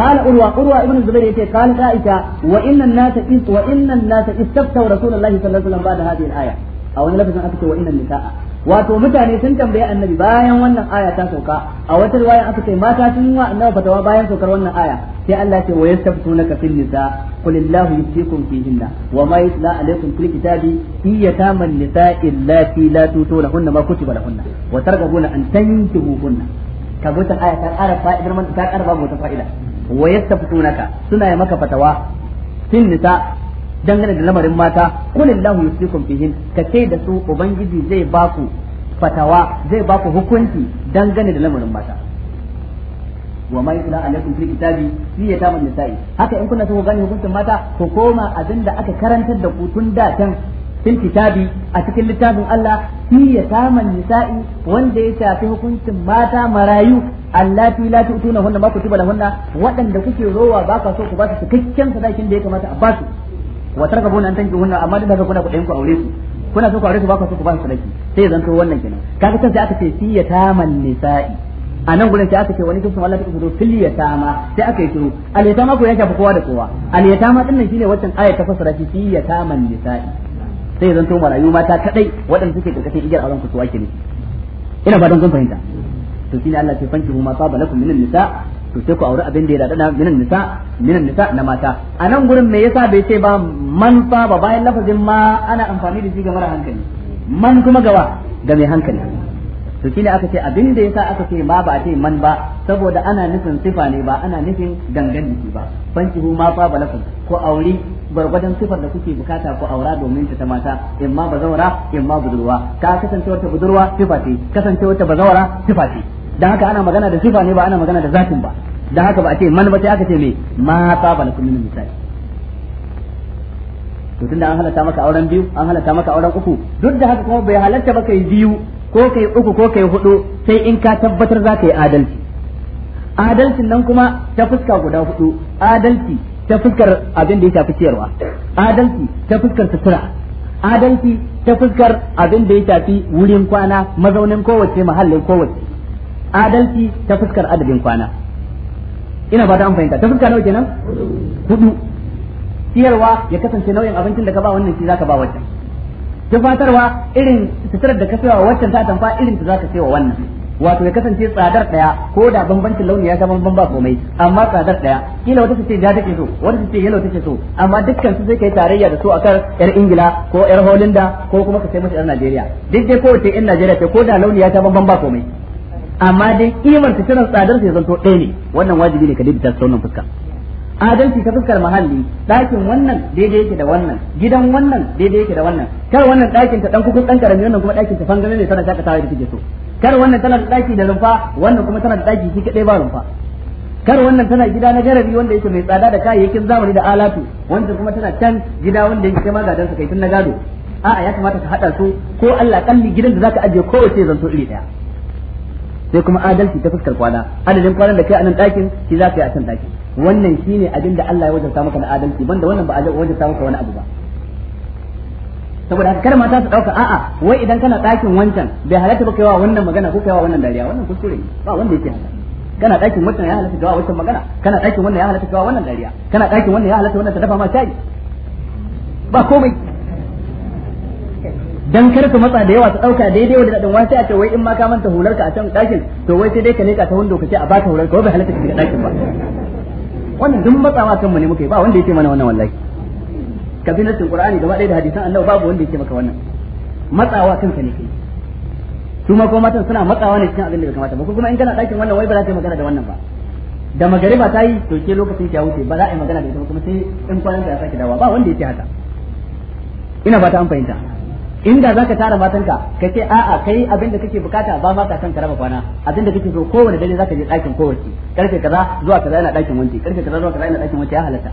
قال أروى أروى ابن الزبير قال عائشة وإن الناس وإن الناس استفتوا رسول الله صلى الله عليه وسلم بعد هذه الآية أو أنا لفظ أن وإن النساء wato mutane sun tambaye annabi bayan wannan aya ta sauka a wata riwaya aka ce mata sun yi wa annabi fatawa bayan saukar wannan aya sai Allah ce wa yastaftunaka fil nisa qul illahu yuftikum fihinna wa ma yutla alaykum fil kitabi iyataman nisa'i allati la tutunahunna ma kutiba lahunna wa targabuna an tankihuhunna Ka wata aya ta ƙara fa'idar man ta ƙara babu wata fa'ida wa yastaftunaka suna yi maka fatawa fil nisa dangane da lamarin mata kulillahu yusikum fihin ka kai da su ubangiji zai baku fatawa zai baku hukunci dangane da lamarin mata wa mai ila alaikum fil kitabi fi yataman nisa'i haka in kuna so ku gane hukuncin mata ku koma abinda aka karantar da ku tun da can fil kitabi a cikin littafin Allah fi yataman nisa'i wanda ya shafi hukuncin mata marayu allati la tu'tuna hunna ma kutiba lahunna wadanda kuke rowa ba ka so ku ba su cikakken sadakin da ya kamata a ba su wa targabuna an wannan amma duk da kuna kuɗin ku aure su kuna so ku aure su ba ku so ku ba su sadaki sai zanto wannan kenan kaga kan sai aka ce siyataman nisa'i a nan gurin sai aka ce wani kisan Allah ta kudu filiya ma sai aka yi turu aliyata yatama ko ya shafi kowa da kowa aliyata ma din nan shine waccan ayat ta fasara shi filiya taman nisa'i sai zan to marayu mata kadai waɗanda suke karkashin igiyar auren ku su wake ne ina fatan kun fahimta to shine Allah ya ce fanki huma saba lakum minan nisa to sai ku aure abin da ya dada minan nisa minan nisa na mata a nan gurin me yasa bai ce ba man fa ba bayan lafazin ma ana amfani da shi ga mara hankali man kuma gawa ga mai hankali to shine aka ce abin da yasa aka ce ma ba a ce man ba saboda ana nufin sifa ne ba ana nufin gangan jiki ba banki ma fa ba lafazin ko aure gwargwadon sifar da kuke bukata ko aura domin ta mata in ma bazawara in ma budurwa ka kasancewar ta budurwa sifa ce kasancewar ta bazawara sifa ce da haka ana magana da sifa ne ba ana magana da zatin ba da haka ba a ce man ba sai aka ce me ma saba lakum min misali to tunda an halatta maka auren biyu an halatta maka auren uku duk da haka kuma bai halatta ba kai biyu ko kai uku ko kai hudu sai in ka tabbatar za ka yi adalci adalcin nan kuma ta fuska guda hudu adalci ta fuskar abin da ya shafi ciyarwa adalci ta fuskar sutura adalci ta fuskar abin da ya shafi wurin kwana mazaunin kowace mahallin kowace adalci ta fuskar adadin kwana ina fata an fahimta ta fuskar nawa kenan hudu siyarwa ya kasance nau'in abincin da ka ba wannan shi zaka ba wancan tufatarwa irin suturar da ka sayawa wancan ta tamfa irin ta zaka sayawa wannan wato ya kasance tsadar daya ko da bambancin launi ya ga bambam ba komai amma tsadar daya kila wata ce ja take so wata ce yellow take so amma dukkan su sai kai tarayya da su a akan yar ingila ko yar holinda ko kuma ka sai masa yar najeriya duk dai kowace yan najeriya ce ko da launi ya ta bambam ba komai amma dai kimar ta kiran tsadar sai zanto ɗaya ne wannan wajibi ne ka daidaita ta wannan fuska adalci ta fuskar muhalli ɗakin wannan daidai yake da wannan gidan wannan daidai yake da wannan kar wannan ɗakin ta dan kukun dan karami wannan kuma ɗakin ta fangare ne tana shakatawa da kike so kar wannan tana da ɗaki da rumfa wannan kuma tana da ɗaki shi kadai ba rumfa kar wannan tana gida na garabi wanda yake mai tsada da kayayyakin zamani da alatu wanda kuma tana can gida wanda yake ma gadan kai tun na gado a'a ya kamata ka hada su ko Allah kalli gidan da zaka aje kowace zanto iri daya sai kuma adalci ta fuskar kwana adadin kwanan da kai a nan ɗakin shi za ka yi a can ɗakin wannan shine abin da Allah ya wajabta maka na adalci banda wannan ba a wajen samu ka wani abu ba saboda haka kar mata su dauka a'a wai idan kana ɗakin wancan bai halatta ba kaiwa wannan magana ko kaiwa wannan dariya wannan kuskure ne ba wanda yake haka kana ɗakin wancan ya halatta kaiwa wancan magana kana ɗakin wannan ya halatta kaiwa wannan dariya kana ɗakin wannan ya halatta wannan ta dafa ma shayi ba komai dan kar ka matsa da yawa ta dauka daidai wanda dadin wace a ce wai in ma ka manta hular ka a can dakin to wai sai dai ka leka ta hundo ka ce a baka hular ka wai bai halatta ka dakin ba wannan duk matsawa kan mu ne muke ba wanda yake mana wannan wallahi kabilatin qur'ani gaba ɗaya da hadisan allah babu wanda yake maka wannan matsawa ka ne kai su ma ko matan suna matsawa ne cikin abin da ya kamata ba ko kuma in kana dakin wannan wai ba za ka yi magana da wannan ba da magariba ta yi to ke lokacin ya wuce ba za a yi magana da ita kuma sai in kwanan ka ya sake dawa ba wanda yake haka ina fata an fahimta inda zaka tara matanka ka ce a'a kai abin da kake bukata ba ma san karaba kwana abin da kake so kowane dare zaka je dakin kowace karfe kaza zuwa kaza yana dakin wanci karfe kaza zuwa kaza yana dakin wanci ya halatta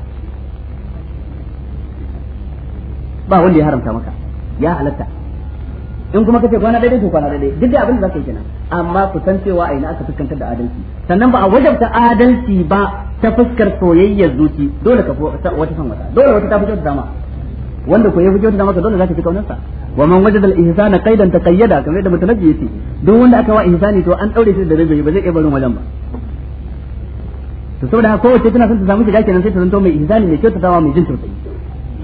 ba wanda ya haramta maka ya halatta in kuma kace kwana daidai to kwana daidai duk da abin da zaka yi kenan amma ku san cewa a ina aka fuskantar da adalci sannan ba a wajabta adalci ba ta fuskar soyayyar zuci dole ka wata san wata dole wata ta fito da dama wanda ko yafi kyautata masa dole zaka fi kaunarsa wa man wajada al-ihsana qaidan taqayyada kamar yadda mutanabbi yace duk wanda aka wa ihsani to an daure shi da rabi ba zai iya barin wajen ba to saboda haka kowace tana son ta samu shiga kenan sai ta zanto mai ihsani mai kyautatawa mai jin tausayi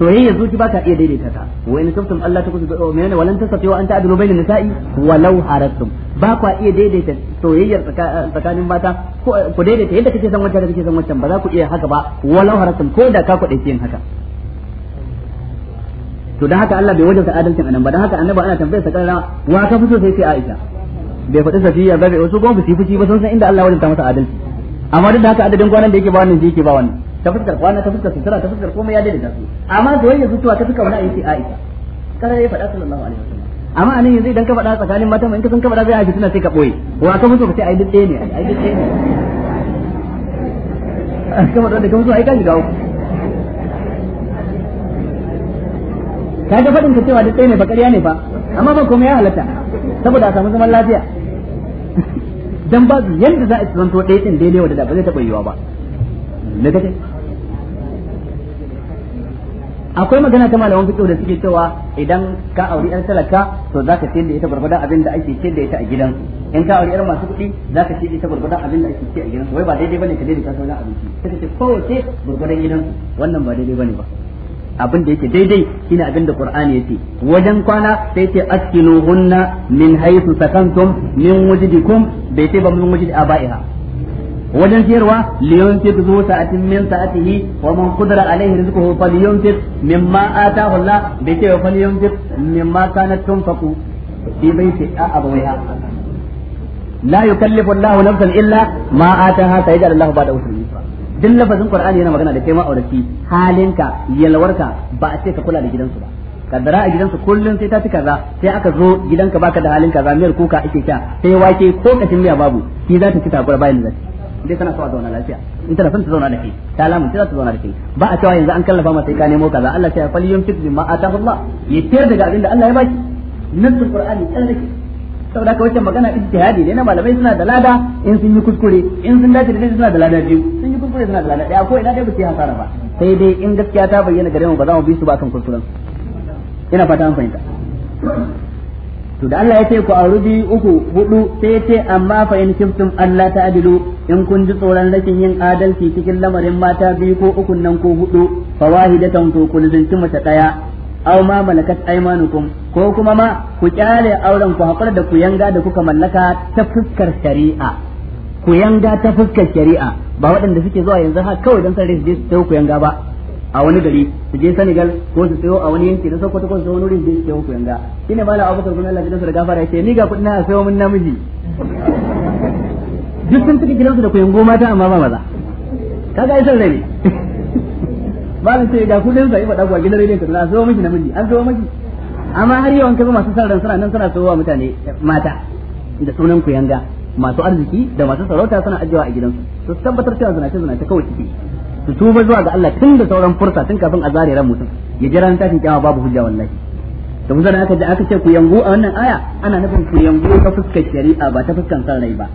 soyayya zuci ba ta iya daidaita ta wa in kuntum Allah ta kusa menene walan tasatiwa an ta'dilu bainan nisa'i walau haratum ba kwa iya daidaita soyayyar tsakanin mata ko daidaita yadda kake son wancan da kake son wancan ba za ku iya haka ba walau haratum ko da ka kuɗe yin haka to dan haka Allah bai ka adalcin anan ba dan haka annabi ana tambayar sa karara wa ka fito sai sai Aisha bai faɗi safiya ba bai wasu gon su fushi ba sun san inda Allah ta masa adalci amma duk da haka adadin kwanan da yake ba wannan yake ba wannan ta fuskar kwana ta fuskar sutura ta fuskar komai ya daidaita su amma da wani zuciya ta fuskar wani sai Aisha karara ya faɗa sallallahu alaihi wasallam amma anan yanzu idan ka faɗa tsakanin mata in ka san ka faɗa zai aiki suna sai ka boye wa ka fito ka ce ai duk ɗaya ne ai duk ɗaya ne kamar da kamar so ai ka shiga uku ga fadin ka cewa duk ɗaya ne ba ƙarya ne ba amma ba komai ya halatta saboda a samu zaman lafiya dan ba yanda za a zanto ɗaya ɗin daidai wadda ba zai taɓa yiwa ba me kace akwai magana ta malaman fito da suke cewa idan ka auri yar talaka to zaka ce da ita barbada abin da ake ce da ita a gidan in ka auri yar masu kuɗi zaka ce da ita barbada abin da ake ce a gidan wai ba daidai bane ka daidai ka sauran abinci kace ce wace barbadan gidan wannan ba daidai bane ba abin da yake daidai shine abin da qur'ani yace wajen kwana sai ce askinuhunna min haythu sakantum min wujdikum bai ce ba min wujdi abaiha wajen siyarwa liyon fit zu sa'atin min sa'atihi wa man qadara alaihi rizquhu falyunfiq mimma ataahu Allah bai ce falyunfiq mimma kanat tunfaqu shi bai ce a'a ba wai la yukallifu Allah nafsan illa ma ataha sayyid Allah ba da usuli duk lafazin qur'ani yana magana da kai ma aurati halinka yalwarka ba a ce ka kula da gidansu ba kaddara a gidansu kullum sai ta ci kaza sai aka zo gidanka baka da halin kaza miyar kuka ake sha sai wake ko kashin miya babu shi za ta ci takura bayan da dai tana so a zauna lafiya in tana son ta zauna da kai ta ta zauna da kai ba a cewa yanzu an kallafa mata sai ka nemo kaza Allah ya fali yumtik bima atahu Allah ya daga da Allah ya baki nassul qur'ani saboda ka wacce magana ijtihadi ne na malamai suna da lada in sun yi kuskure in sun dace da suna da lada biyu sun yi kuskure suna da lada daya ko ina dai ba su yi hasara ba sai dai in gaskiya ta bayyana gare mu ba za mu bi su ba kan kuskuren ina fata an fahimta to da Allah ya ce ku arubi uku hudu sai ce amma fa in kimtum Allah adilu in kun ji tsoron rashin yin adalci cikin lamarin mata biyu ko ukun nan ko hudu wahidatan to kullu mace daya aw ma malakat aymanukum ko kuma ma ku kyale auren ku hakura da ku yanga da kuka mallaka ta fuskar shari'a ku yanga ta fuskar shari'a ba waɗanda suke zuwa yanzu ha kawai dan sarri su je ku yanga ba a wani gari su je Senegal ko su sayo a wani yanki da Sokoto ko su wani wurin da su sayo ku yanga shine malam Abubakar bin Allah gidansa da gafara yake ni ga kudin na sayo mun namiji duk sun tuka gidansu da ku yango mata amma ba maza kaga ai san rai malam sai ga kudin sai ba dagwa gidan rediyon ka na zo miki namiji an zo miki amma har an kaza masu san ran suna nan suna sowa mutane eh, mata da sunan ku yanga masu arziki da masu sarauta suna ajiyewa a gidansu su tabbatar cewa zinace ta kawai kike su tuba zuwa ga Allah tun da sauran fursa tun kafin a zare ran mutum ya jira ta tafi kyawa babu hujja wallahi da kusa da aka ji aka ce ku yango a wannan aya ana nufin ku yango ta fuskar shari'a ba ta fuskar san rai ba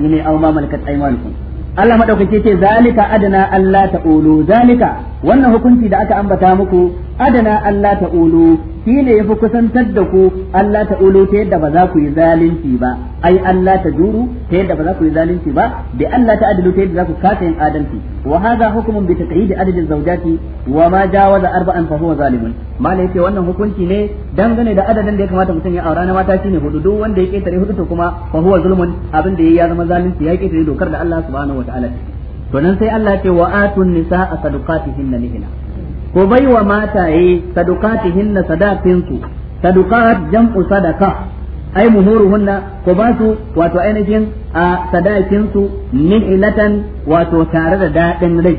ni ne au ma malakat aymanukum Allah madaukake ce zalika adana Allah ta'ulu zalika wannan hukunci da aka ambata muku adana Allah ta'ulu shi ne ya fi kusantar da ku Allah ta ulo ta yadda ba za ku yi zalunci ba ai Allah ta juru ta yadda ba za ku yi zalunci ba da Allah ta adalu ta yadda za ku kasa yin adalci wa hadha hukmun bi da adadin zawjati wa ma jawaza arba'an fa huwa zalimun malai yace wannan hukunci ne dangane da adadin da ya kamata mutum ya aura na mata shine hudu duk wanda ya ketare hudu to kuma fa huwa zulmun abin da yayi ya zama zalunci ya ketare dokar da Allah subhanahu wataala to nan sai Allah ya ce wa atun nisaa sadaqatihinna lihina. ko bai wa mataye sadukatihinna sadafinsu sadukat jam'u sadaka ai hunna ko ba su wato ainihin a sadakinsu ni'ilatan wato tare da daɗin rai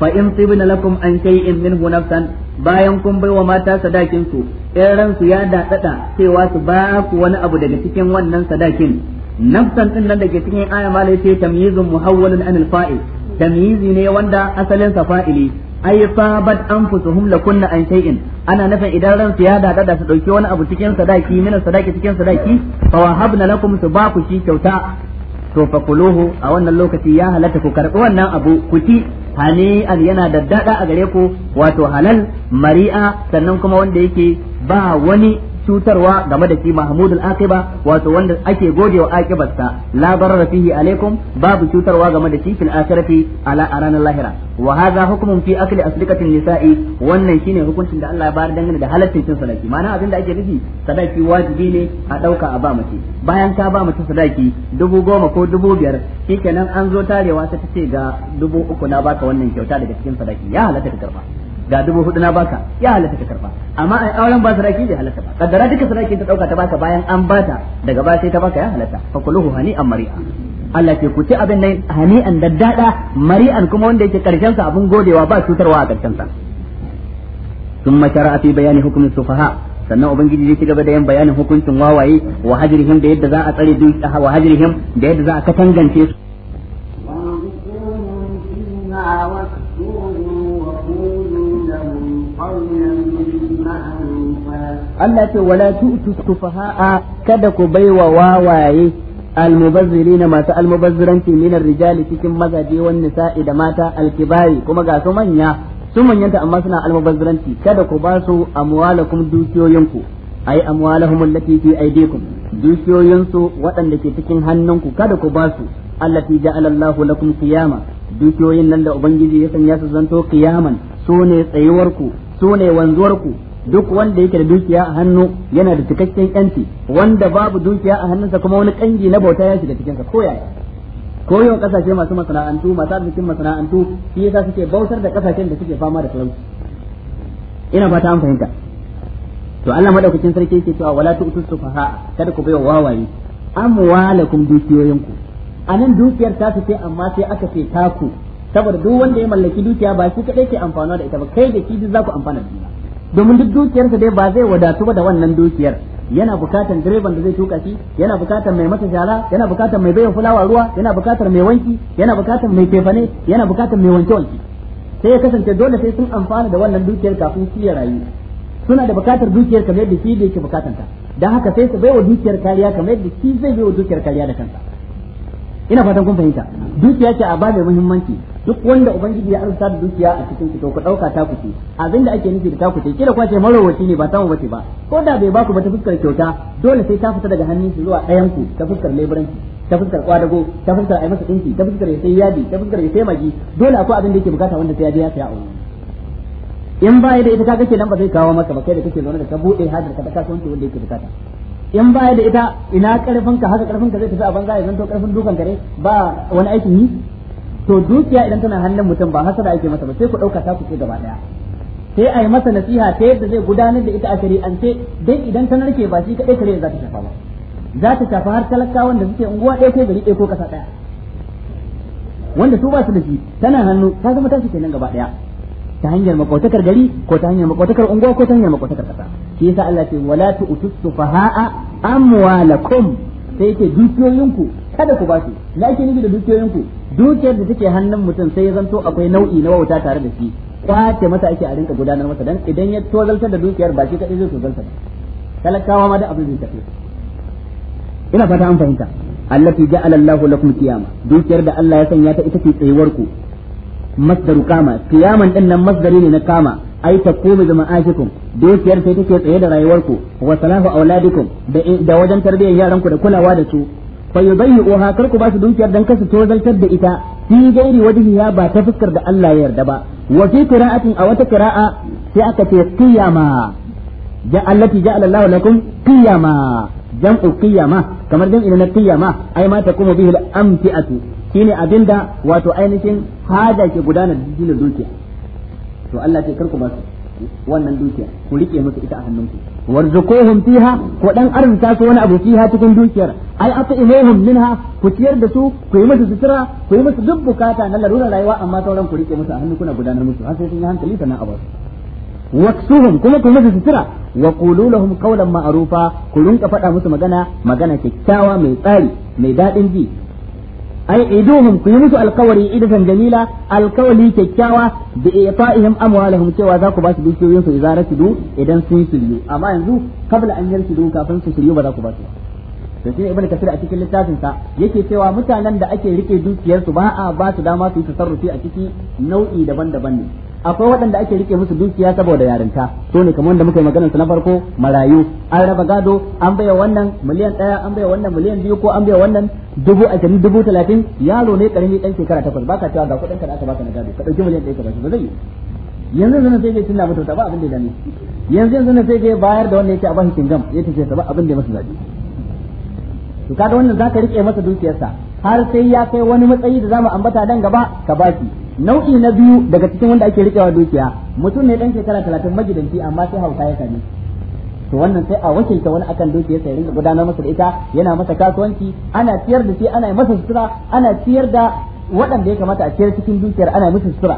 fa in tibna lakum an shay'in minhu nafsan bayan kun bai wa mata sadakinsu su su ya daɗaɗa cewa su ba ku wani abu daga cikin wannan sadakin nafsan din nan daga cikin aya malai ce tamyizun muhawwalun anil fa'il tamyizi ne wanda asalin sa fa'ili ai sabat anfusuhum kunna an shay'in ana nufin idan ran su ya dada da su dauki wani abu cikin sadaki mina sadaki cikin sadaki fa wahabna lakum su ba shi kyauta to fa kuluhu a wannan lokaci ya halatta ku karbi wannan abu ku ci hani'an yana da dada a gare ku wato halal mari'a sannan kuma wanda yake ba wani cutarwa game da shi mahmudul aqiba wato wanda ake godewa aqibarsa la barara fihi alaikum babu cutarwa game da shi fil akhirati ala lahira wa hadha hukmun fi akli asliqatin nisa'i wannan shine hukuncin da Allah ya bayar dangane da halaccin cin sadaki ma'ana abin da ake nufi sadaki wajibi ne a dauka a ba mace bayan ka ba mace sadaki dubu goma ko dubu biyar shikenan an zo tarewa ta ta ce ga dubu uku na baka wannan kyauta daga cikin sadaki ya halatta ka karba ga dubu hudu na baka ya halatta ka karba amma a auren ba saraki bai halatta ba kaddara duka saraki ta dauka ta baka bayan an bata daga ba sai ta baka ya halatta fa kulluhu hani'an mari'a Allah ke ku abin nan hani'an daddada mari'an kuma wanda yake karshen sa abun godewa ba cutarwa a karshen sa thumma shara'a fi bayani hukumin sufaha sannan ubangiji zai ci gaba da yin bayanin hukuncin wawaye wa hajrihim da yadda za a tsare dukiya wa hajrihim da yadda za a katangance su Allah ce wala tu'tu sufaha'a kada ku baiwa wawaye almubazzirina masu almubazziranci min rijali cikin mazaje wan nisa'i da mata alkibari kuma ga su manya su manyanta amma suna almubazziranci kada ku ba su amwalakum dukiyoyinku ay amwalahum allati fi aydikum dukiyoyinsu waɗanda ke cikin hannunku kada ku ba su allati ja'ala Allahu lakum qiyama dukiyoyin nan da ubangiji ya sanya su zanto qiyaman sune tsayuwarku sune wanzuwarku duk wanda yake da dukiya a hannu yana da cikakken yanci wanda babu dukiya a hannunsa kuma wani kangi na bauta ya shiga cikinsa ko yaya ko yau kasashe masu masana'antu masu arzikin masana'antu shi yasa suke bautar da kasashen da suke fama da talauci ina fata an fahimta to Allah madaukakin sarki yake cewa wala tu'tu sufaha kada ku bai wawaye amwalakum dukiyoyinku anan dukiyar ta ce amma sai aka ce taku saboda duk wanda ya mallaki dukiya ba shi kadai ke amfana da ita ba kai da shi duk za ku amfana da ita domin duk dukiyarsa dai ba zai wadatu ba da wannan dukiyar yana bukatan direban da zai tuka shi yana bukatar mai masa shara yana bukatar mai bayan fulawa ruwa yana bukatar mai wanki yana bukatar mai kefane yana bukatar mai wanke wanki sai ya kasance dole sai sun amfana da wannan dukiyar kafin su rayu suna da bukatar dukiyar kamar yadda shi da yake bukatar ta dan haka sai su baiwa dukiyar kariya kamar yadda shi zai baiwa dukiyar kariya da kansa ina fatan kun fahimta dukiya ce a ba mai muhimmanci duk wanda ubangiji ya arsa da dukiya a cikin ki to ku dauka ta ku ce abinda ake nufi da ta ku ce kila kwace marowaci ne ba samu bace ba ko da bai baku ba ta fuskar kyauta dole sai ta fita daga hannun shi zuwa ɗayan ku ta fuskar leburanci ta fuskar kwadago ta fuskar ai masa dinki ta fuskar ya sai yadi ta fuskar ya sai magi dole akwai abin da yake bukata wanda sai yadi ya sai a wurin in ya da ita kaga kenan ba zai kawo maka ba kai da kake zaune da ka bude hajar ka da kasuwanci wanda yake bukata in baya da ita ina karfin ka haka karfin ka zai tafi a banza ya zanto karfin dukan kare ba wani aikin yi to dukiya idan tana hannun mutum ba hasada ake masa ba sai ku dauka ta ku ce gaba daya sai a yi masa nasiha ta yadda zai gudanar da ita a shari'ance dan idan ta narke ba shi kadai kare za ta shafa ba za ta shafa har talakawan da suke unguwa ɗaya ko gari ɗaya ko kasa ɗaya wanda su ba su da shi tana hannu ta zama tashi kenan gaba ɗaya ta hanyar makwatakar gari ko ta hanyar makwatakar unguwa ko ta hanyar makwatakar kasa shi yasa Allah ce wala tu'tus sufaha'a amwalakum sai yake dukiyoyinku kada ku basu na ake nufi da dukiyoyinku dukiyar da take hannun mutum sai ya zanto akwai nau'i na wauta tare da shi kwace masa ake a rinka gudanar masa dan idan ya tozaltar da dukiyar ba shi kadai zai tozaltar talakawa ma da abin da tafi ina fata an fahimta allati ja'ala Allahu lakum qiyama dukiyar da Allah ya sanya ta ita ce tsayuwar ku masdaru kama qiyaman din nan masdari ne na kama ai taqumu bi ma'ashikum dukiyar sai take tsaye da rayuwarku wa salahu auladikum da wajen tarbiyyar yaranku da kulawa da su fa yudayyi'uha kar ku ba su dukiyar dan kasu tozaltar da ita fi gairi wajhiha ba ta fuskar da Allah ya yarda ba wa fi qira'atin wata kira'a qira'a sai aka ce qiyama ja allati ja'ala Allah lakum qiyama jam'u qiyama kamar jam'i na qiyama ai ma kuma bihi al-amti'atu shine abinda wato ainihin hada ke gudanar da dukiya to Allah ce karku ba su wannan dukiya ku rike musu ita a hannunku warzuquhum fiha ko dan arzuta su wani abu fiha cikin dukiyar ai ata ilaihim minha ku ciyar da su ku yi musu sutura ku yi musu duk bukata na larurar rayuwa amma sauran ku rike musu a hannu kuna gudanar musu har sai sun yi hankali sannan a basu waksuhum kuma ku musu sutura wa qulu lahum qawlan ma'rufa ku rinka faɗa musu magana magana kyakkyawa mai tsari mai daɗin ji ai iduhum ku yi musu alkawari idatan jamila alkawali kyakkyawa da ifa'ihim amwalahum cewa za ku ba su dukiyoyin su idza rasidu idan sun shiryu amma yanzu kabla an yarsidu kafin su shiryu ba za ku ba su to shi ibnu kasir a cikin littafin sa yake cewa mutanen da ake rike dukiyar su ba a ba su dama su yi tasarrufi a ciki nau'i daban-daban ne akwai waɗanda ake rike musu dukiya saboda yarinta to ne kamar wanda muka yi maganar na farko marayu an raba gado an baya wannan miliyan ɗaya an baya wannan miliyan biyu ko an baya wannan dubu ashirin dubu talatin yaro ne ƙarami ɗan shekara takwas baka cewa ga kuɗin ka da aka baka na gado ka ɗauki miliyan ɗaya ka bashi ba zai yi yanzu yanzu sai cinna tunna mutunta ba abin da ya dame yanzu yanzu sai je bayar da wanda yake a bashi kingam ya ta ba abin da ya masa zabi to kaga wannan zaka rike masa dukiyarsa har sai ya kai wani matsayi da zamu ambata dan gaba ka baki nau'i na biyu daga cikin wanda ake rikewa dukiya mutum ne dan shekara talatin magidanci amma sai hauka ya same to wannan sai a ta wani akan dukiyar sai rinka gudanar masa da ita yana masa kasuwanci ana ciyar da shi ana masa sutura ana ciyar da waɗanda ya kamata a ciyar cikin dukiyar ana masa sutura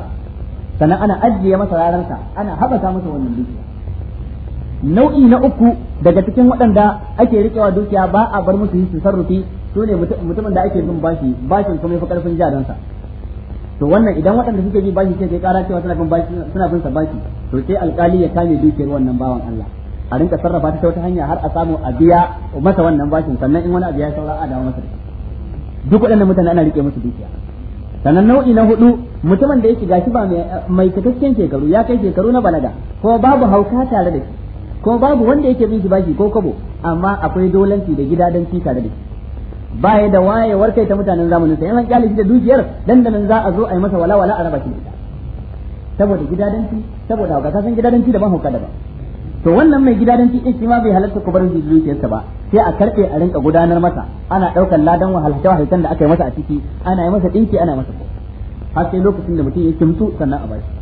sannan ana ajiye masa rararsa ana haɓaka masa wannan dukiya nau'i na uku daga cikin waɗanda ake rikewa dukiya ba a bar musu yin sarrufi su ne mutumin da ake bin bashi bashin kuma yafi karfin jaransa to wannan idan waɗanda suke bi bashi sai kai kara cewa suna bin bashi suna bin sa bashi to sai alkali ya kame dukiyar wannan bawan Allah a rinka sarrafa ta wata hanya har a samu a biya masa wannan bashin sannan in wani abu ya saura a dawo masa duk waɗannan mutane ana rike musu dukiya sannan nau'i na hudu mutumin da ya gashi ba mai cikakken shekaru ya kai shekaru na balaga ko babu hauka tare da shi ko babu wanda yake bin shi bashi ko kobo amma akwai dolanci da gida don ci tare da shi ba ya da wayewar kai ta mutanen zamanin sa yana kyale shi da dukiyar nan za a zo a yi masa wala wala a raba shi da saboda gidadanci saboda hauka san gidadanci da ban hauka da ba to wannan mai gidadanci din shi ma bai halatta ku barin dukiyarsa ba sai a karbe a rinka gudanar masa ana daukar ladan wahalhata wahalhatan da aka yi masa a ciki ana yi masa dinki ana masa ko har sai lokacin da mutum ya kimtu sannan a bashi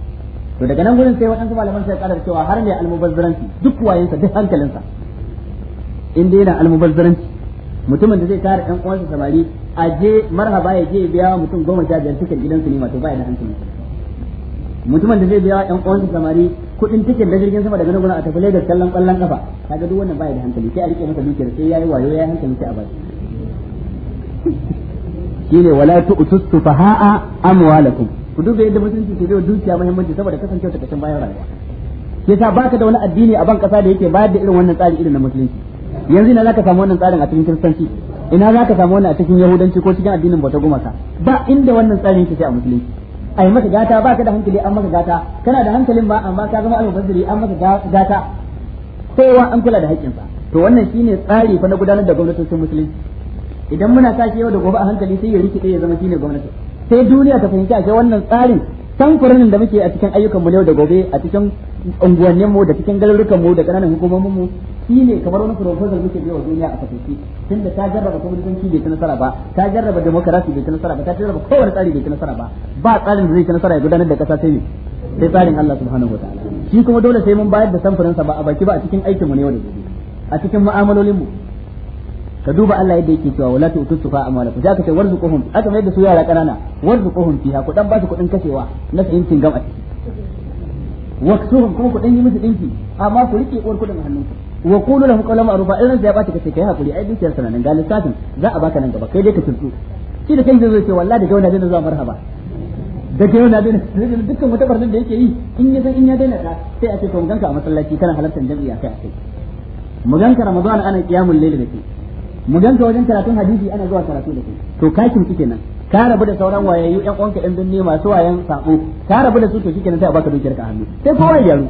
to daga nan gurin sai waɗansu malaman sai ƙara cewa har ne almubazzaranci duk wayensa duk hankalinsa in dai yana almubazzaranci mutumin da zai tara ɗan uwansa samari a je marhaba ya je biya mutum goma sha biyar tikin gidansu ne wato baya da hankali mutumin da zai biya ɗan uwansa samari kuɗin tikin da jirgin sama daga nan a tafi Lagos kallon ƙwallon kafa kaga duk wannan baya da hankali sai a rike masa dukiyar sai yayi wayo yayi hankali sai a bashi shine wala tu'tu sufaha'a amwalakum ku duba yadda mutunci ke da dukiya muhimmanci saboda kasancewa ta kashin bayan rayuwa sai ba baka da wani addini a ban kasa da yake bayar da irin wannan tsari irin na musulunci yanzu ina zaka samu wannan tsarin a cikin kiristanci ina zaka samu wannan a cikin yahudanci ko cikin addinin bauta gumaka ba inda wannan tsarin yake sai a musulunci ai maka gata ba ka da hankali an maka gata kana da hankalin ba amma ka zama al-mufassiri an maka gata kowa an kula da haƙƙinsa to wannan shine tsari fa na gudanar da gwamnatocin musulunci idan muna sake yau da gobe a hankali sai ya rikide ya zama shine gwamnati sai duniya ta fahimci a wannan tsarin tankurin da muke a cikin ayyukan mu yau da gobe a cikin unguwannin mu da cikin garurukan mu da kananan hukumomin mu shi ne kamar wani proposal muke biyo duniya a tun da ta jarraba gwamnatanci bai ta nasara ba ta jarraba demokarasi bai ta nasara ba ta jarraba kowane tsari bai ta nasara ba ba tsarin da zai ta nasara ya gudanar da kasa sai ne sai tsarin Allah subhanahu wataala shi kuma dole sai mun bayar da samfurin sa ba a baki ba a cikin aikin mu ne wanda a cikin mu'amalolin mu ka duba Allah yadda yake cewa wala tu tusufa amalaku za ka ce warzuquhum aka mai da su yara kanana warzuquhum fiha ku dan ba su kudin kashewa na sayin cingam a ciki waksuhum kuma ku dan yi musu dinki amma ku rike uwar kudin a hannunku wa qulu lahu qawlan ma'rufa irin sai ya bata kace kai hakuri ai dukiyar sanan ga lissafin za a baka nan gaba kai dai ka tuntu shi da kai zai ce wallahi da gauna dai zuwa marhaba da ke yana daina dukkan wata barnar da yake yi in ya san in ya daina da sai a ce to muganka a masallaci kana halartar jami'a kai akai ganka ramadan ana qiyamul layl da ke muganka wajen karatun hadisi ana zuwa karatu da ke to ka kike nan ka rabu da sauran wayayyu yan uwanka yan binne masu wayan sako ka rabu da su to shikenan sai a baka dukiyar ka hannu sai kowa ya yaro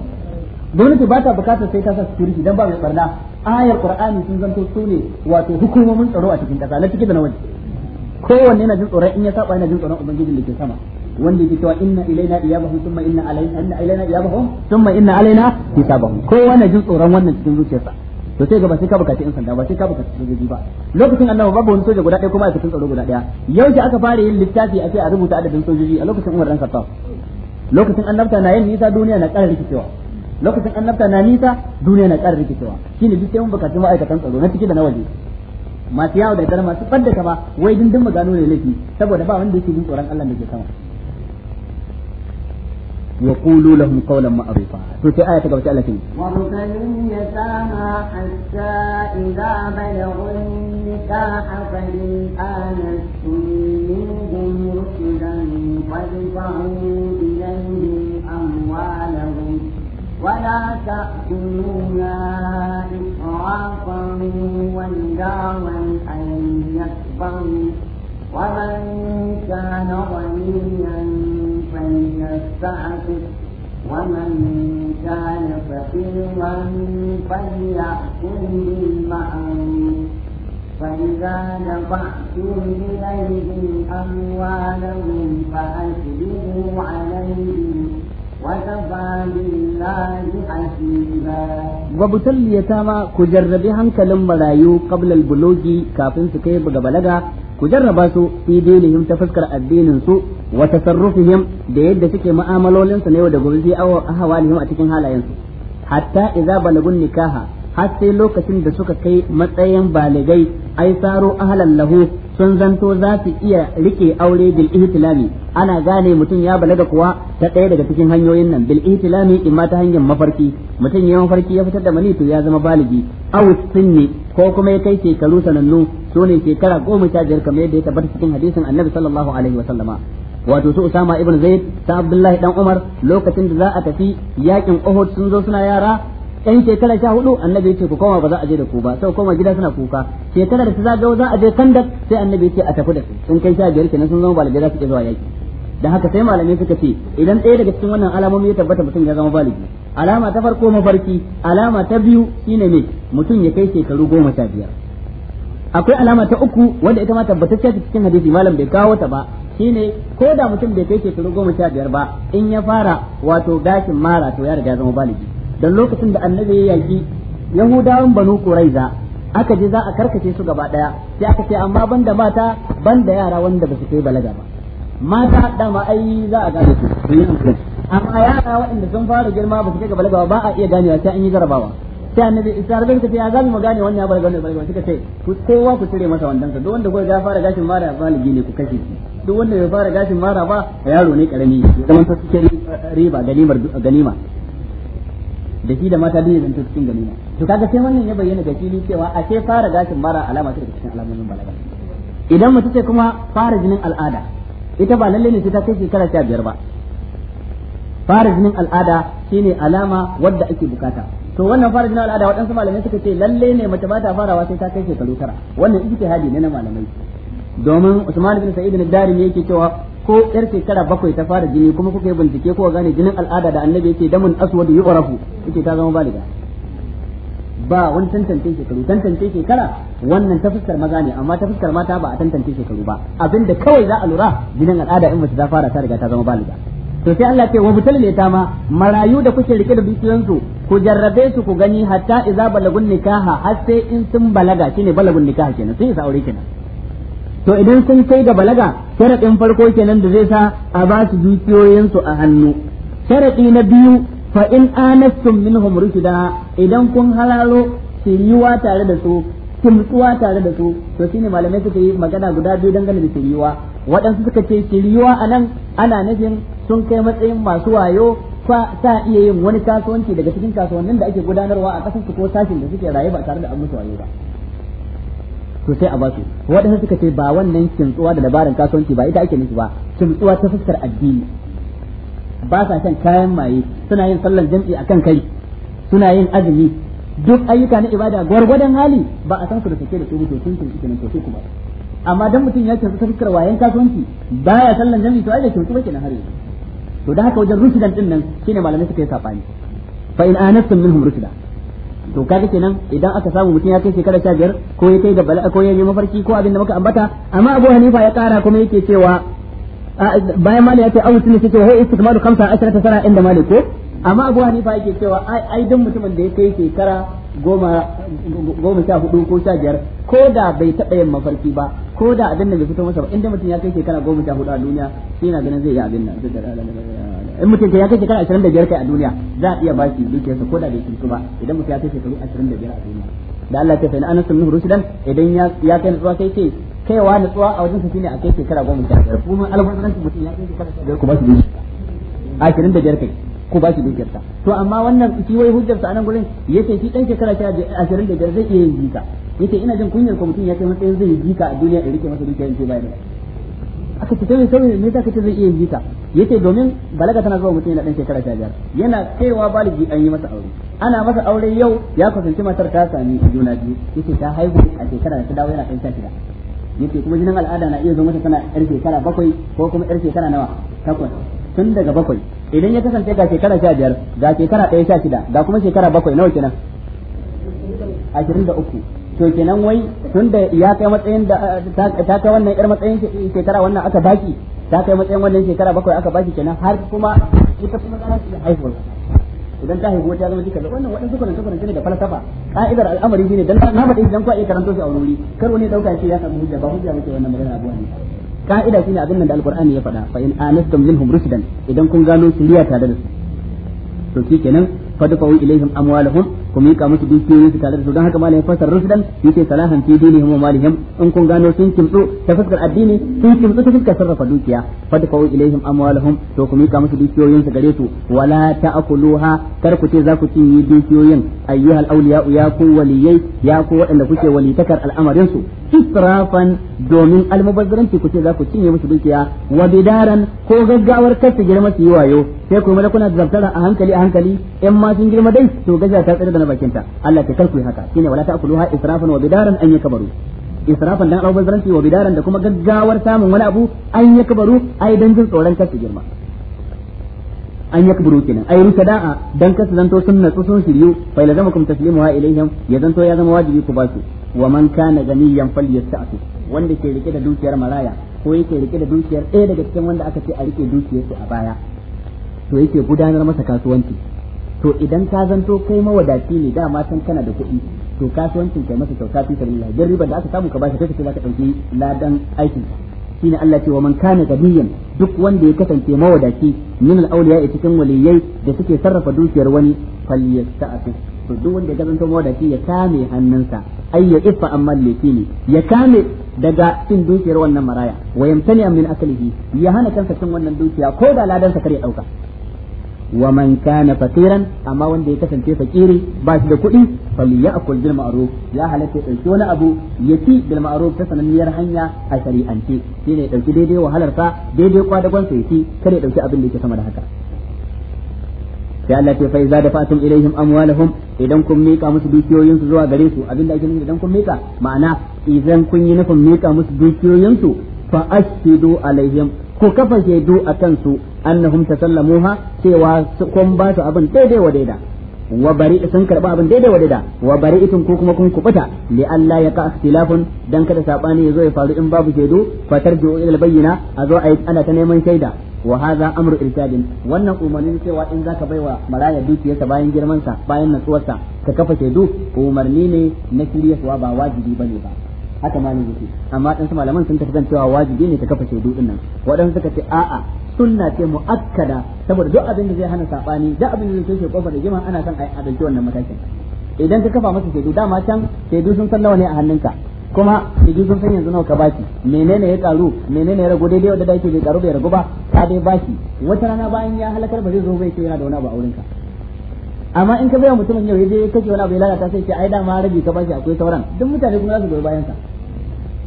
ta ba ta bukatar sai ta sa security dan ba mai barna ayar qur'ani sun zanto su ne wato hukumomin tsaro a cikin kasa na ciki da na waje kowanne na jin tsoron in ya saba yana jin tsoron ubangijin da ke sama wanda yake cewa inna ilaina iyabahum thumma inna alaina inna ilaina iyabahum thumma inna alaina hisabahum kowanne na jin tsoron wannan cikin zuciyarsa to sai ba sai ka bukaci in sanda ba sai ka bukaci sojoji ba lokacin annabi babu wani soja guda ɗaya kuma cikin tsaro guda ɗaya yau ki aka fara yin littafi a ce a rubuta adadin sojoji a lokacin umar dan khattab lokacin annabta na yin nisa duniya na ƙara rikicewa lokacin annabta na nisa duniya na ƙara rikicewa shine duk sai mun bukatun ma'aikatan tsaro na ciki da na waje masu yawo da dare masu fadda ka ba wai dindin magano ne laifi saboda ba wanda yake jin tsoron Allah da ke sama وقولوا لهم قولا معروفا في آية قبل الله كريم وارثلوا اليتامى حتى إذا بلغوا النكاح فإن آنستم منهم رشدا فادفعوا ولا تأكلوها إسرافا وبدارا أن يكبروا ومن كان غنيا فليستعفف ومن كان فقيرا فليأكل بالمعروف فإذا دفعتم إليهم أموالهم فأشهدوا عليهم Ba bu talliyata ma ku jarrabi hankalin marayu kablal buloki kafin su kai ga balaga, ku jarraba su fi dinihim ta fuskar addinin su wa tasarrufihim da yadda suke ma'amalolinsu na yau da gobe zai awo ahwalihim a cikin halayen su. Hatta idza balagun nikaha har sai lokacin da suka kai matsayin baligai ai saro ahlan lahu sun zanto za su iya rike aure bil ihtilami ana gane mutum ya balaga kuwa ta ɗaya daga cikin hanyoyin nan bil ihtilami in ma ta hanyar mafarki mutum ya mafarki ya fitar da mani to ya zama baligi aw sunni ko kuma ya kai shekaru sanannu sune shekara goma sha biyar kamar yadda ya tabbata cikin hadisin annabi sallallahu alaihi wa sallama wato su Usama ibn Zaid ta Abdullahi dan Umar lokacin da za a tafi yakin Uhud sun zo suna yara yan shekara sha hudu annabi ya ce ku koma ba za a je da ku ba sai koma gida suna kuka shekarar da ta zagayo za a je kandak sai annabi ya ce a tafi da su sun kai sha biyar kenan sun zama balibi za su iya zuwa yaki da haka sai malamai suka ce idan ɗaya daga cikin wannan alamomi ya tabbata mutum ya zama balibi alama ta farko mafarki alama ta biyu shine ne mutum ya kai shekaru goma sha biyar akwai alama ta uku wanda ita ma tabbatacce cikin hadisi malam bai kawo ta ba shine ko da mutum bai kai shekaru goma sha biyar ba in ya fara wato gashin mara to ya riga ya zama baligi dan lokacin da annabi ya yaki yahudawan banu quraiza aka ji za a karkace su gaba daya sai aka ce amma banda mata banda yara wanda ba su kai balaga ba mata dama ai za a gane su amma yara waɗanda sun fara girma ba su kai balaga ba a iya ganewa sai an yi jarabawa sai annabi isa da kace ya zamu mu gane wannan ya balaga wannan balaga suka ce ku kowa ku cire masa wannan duk wanda kuka ya fara gashin mara baligi ne ku kashe shi duk wanda bai fara gashin mara ba yaro ne karami zaman ta cikin riba ganimar ganima da shi da mata duk yanzu ta cikin ganima to kaga sai wannan ya bayyana ga fili cewa a sai fara gashin mara alama ta cikin alamomin balaga idan mace ce kuma fara jinin al'ada ita ba lalle ne sai ta kai shekara biyar ba fara jinin al'ada shine alama wadda ake bukata to wannan fara jinin al'ada waɗansu malamai suka ce lalle ne mace ba ta farawa sai ta kai shekaru tara wannan hadi ne na malamai domin Usman bin Sa'id bin darimi yake cewa ko yar shekara bakwai ta fara jini kuma kuka yi bincike ko gane jinin al'ada da annabi yake damun aswad urafu yake ta zama baliga ba wani tantance shekaru tantance shekara wannan ta fuskar maza ne amma ta fuskar mata ba a tantance shekaru ba abinda kawai za a lura jinin al'ada in mace ta fara ta riga ta zama baliga to sai Allah ce wa butal ne ta ma marayu da kuke rike da dukiyansu ku jarrabe su ku gani hatta idza balagun nikaha har sai in sun balaga shine balagun nikaha kenan sun isa aure kenan to idan sun kai ga balaga sharaɗin farko kenan da zai sa a ba su dukiyoyinsu a hannu sharaɗi na biyu fa in anastum minhum rushda idan kun halalo wa tare da su kimtsuwa tare da su to shine malamai suka yi magana guda biyu dangane da shiriwa waɗansu suka ce shiriwa a nan ana nufin sun kai matsayin masu wayo fa sa iya yin wani kasuwanci daga cikin kasuwannin da ake gudanarwa a ƙasarsu ko sashin da suke raye ba tare da an su wayo ba to sai a ba su waɗansu suka ce ba wannan kintsuwa da labarin kasuwanci ba ita ake nufi ba kintsuwa ta fuskar addini ba sa shan kayan maye suna yin sallar jam'i akan kai suna yin azumi duk ayyuka na ibada gwargwadon hali ba a san su da take da su to sun tuntu kenan to kuma amma dan mutum ya kintsu ta fuskar wayan kasuwanci ya sallar jam'i to ai da kintsu ba na hari to da haka wajen rushidan din nan shine malamai suka yi sabani fa in anastum minhum rushda to kaga kenan idan aka samu mutum ya kai shekara biyar ko ya kai ga bala'a ko ya yi mafarki ko abin da muka ambata amma Abu Hanifa ya kara kuma yake cewa bayan mali ya ce awu sunni cewa ho istikmalu ta sana inda mali ko amma Abu Hanifa yake cewa ai ai duk mutumin da ya kai shekara goma goma sha hudu ko sha biyar ko da bai taɓa yin mafarki ba ko da abin da bai fito masa ba inda mutum ya kai shekara goma sha hudu a duniya shi na ganin zai yi abin nan in mutum ya kai shekara biyar kai a duniya za a iya baki dukiyarsa ko da bai kintu ba idan mutum ya kai shekaru ashirin da biyar a duniya da Allah ta fa'ina anas nuhu rusdan idan ya kai nutsuwa sai ce kaiwa nutsuwa a wajen sa shine a kai shekara goma sha biyar kuma alfasaranci mutum ya kai shekara biyar ku ba ashirin da biyar kai ku ba shi dukiyarsa to amma wannan shi wai hujjar a nan gurin ya ce shi dan shekara ashirin da biyar zai iya yin jika yace ina jin kunyar ko mutum ya kai matsayin zai yi jika a duniya da rike masa dukiyar sai bai da aka ce sai sai ne zaka ce zai iya ta yace domin balaga tana zuwa mutum yana dan shekara 15 yana kaiwa baligi an yi masa aure ana masa aure yau ya kusanci matar ta sami juna biyu yace ta haihu a shekara da ta dawo yana dan 16 yace kuma jinin al'ada na iya zo mata tana yar shekara bakwai ko kuma yar shekara nawa takwas tun daga bakwai idan ya kasance ga shekara 15 ga shekara 1 16 ga kuma shekara bakwai nawa kenan 23 to kenan wai tun da ya kai matsayin da ta kai wannan yar matsayin shekara wannan aka baki ta kai matsayin wannan shekara bakwai aka baki kenan har kuma ita kuma za ta haihuwa idan ta haihuwa ta zama jikar wannan waɗansu kwanance kwanance ne da falsafa ka'idar al'amari shine dan na faɗi dan kwa iya karanto shi a wuri kar wani dauka shi ya samu hujja ba hujja muke wannan magana abuwa ne ka'ida shine abin nan da alqur'ani ya faɗa fa in anastum minhum rusdan idan kun gano riya tare da su to kenan fadfa'u ilaihim amwalahum ku miƙa musu dukiyoyin su tare da su don haka malam ya fasar rusdan yace salahan fi dinihim wa malihim in kun gano sun kimtsu ta fuskar addini sun kimtsu ta fuskar sarrafa dukiya fa'u ilaihim amwalahum to ku miƙa musu dukiyoyin su gare su wala ta'kuluha kar ku ce za ku cinye dukiyoyin ayyuhal awliya ya ku waliyai ya ku waɗanda kuke walitakar al'amarin su israfan domin almubazzaranci ku ce za ku cinye musu dukiya wa bidaran ko gaggawar kar girma su yi wayo sai ku mana kuna zartara a hankali a hankali in ma sun girma dai to gaja ta da na bakinta Allah ta kalku haka shine wala ta'kuluha israfan wa bidaran an yakbaru israfan dan abubuwan zaranci wa bidaran da kuma gaggawar samun wani abu an yakbaru ai dan jin tsoron kasu girma an yakburu kenan ay rukada'a dan kasu zanto sun natsu sun shiryu fa la zamakum taslimuha ilaihim ya zanto ya zama wajibi ku ba su wa man kana ganiyan falyasta'tu wanda ke rike da dukiyar maraya ko yake rike da dukiyar ɗaya daga cikin wanda aka ce a rike dukiyar su a baya to yake gudanar masa kasuwanci to idan ka zanto kai mawadaci ne dama san kana da kuɗi to kasuwancin kai masa kyauta fi sabilillah dan riba da aka samu ka bashi kai zaka dauki ladan aikin ka shine Allah ce wa man kana gabiyan duk wanda ya kasance mawadaci min al-awliya cikin waliyai da suke sarrafa dukiyar wani falyasta'fif to duk wanda ya zanto mawadaci ya kame hannunsa ai ya ifa amma ne ya kame daga cin dukiyar wannan maraya wa yamtani min akalihi ya hana kansa cin wannan dukiya ko da ladansa kar ya dauka Wamanka man kana amma wanda ya kasance fakiri ba shi da kuɗi falyakul bil ma'ruf ya halatta ya dauki wani abu ya ci bil ta sananniyar hanya a shari'ance shine ya dauki daidai wahalar sa daidai kwadagon sa ya ci kada dauki abin da yake sama da haka sai Allah ce fa iza dafatum ilaihim amwalahum idan kun mika musu dukiyoyin su zuwa gare su abin da ake nufi idan kun mika ma'ana idan kun yi nufin mika musu dukiyoyin su fa ashidu alaihim ku kafa shaidu a kansu annahum tasallamuha cewa kun ba su abin daidai wa daida wa bari sun karba abin daidai wa daida wa bari itin ku kuma kun kubuta li Allah ya ka ikhtilafun dan kada sabani yazo ya faru in babu shaidu fa tarji'u ila bayyina a zo ayi ana ta neman shaida wa hadha amru irshadin wannan umarnin cewa in zaka baiwa maraya dukiyarsa bayan girman sa bayan sa. ka kafa shaidu umarni ne na kiryaswa ba wajibi bane ba haka malin yake amma dan su malaman sun tafi cewa wajibi ne ka kafa shaidu din nan waɗansu suka ce a'a sunna ce muakkada saboda duk abin da zai hana sabani da abin da zai toshe kofar rigima ana son a adalci wannan matakin idan ka kafa masa shaidu dama can shaidu sun san nawa ne a hannunka kuma shaidu sun san yanzu nawa ka baki menene ya karu menene ya rago daidai wanda da yake bai karu bai ragu ba ka dai baki wata rana bayan ya halakar ba zai zo bai ce yana da wani abu a amma in ka bai mutumin yau ya je kace wani abu ya lalata sai ce ai dama rabi ka bashi akwai sauran duk mutane kuma za su goyi bayan sa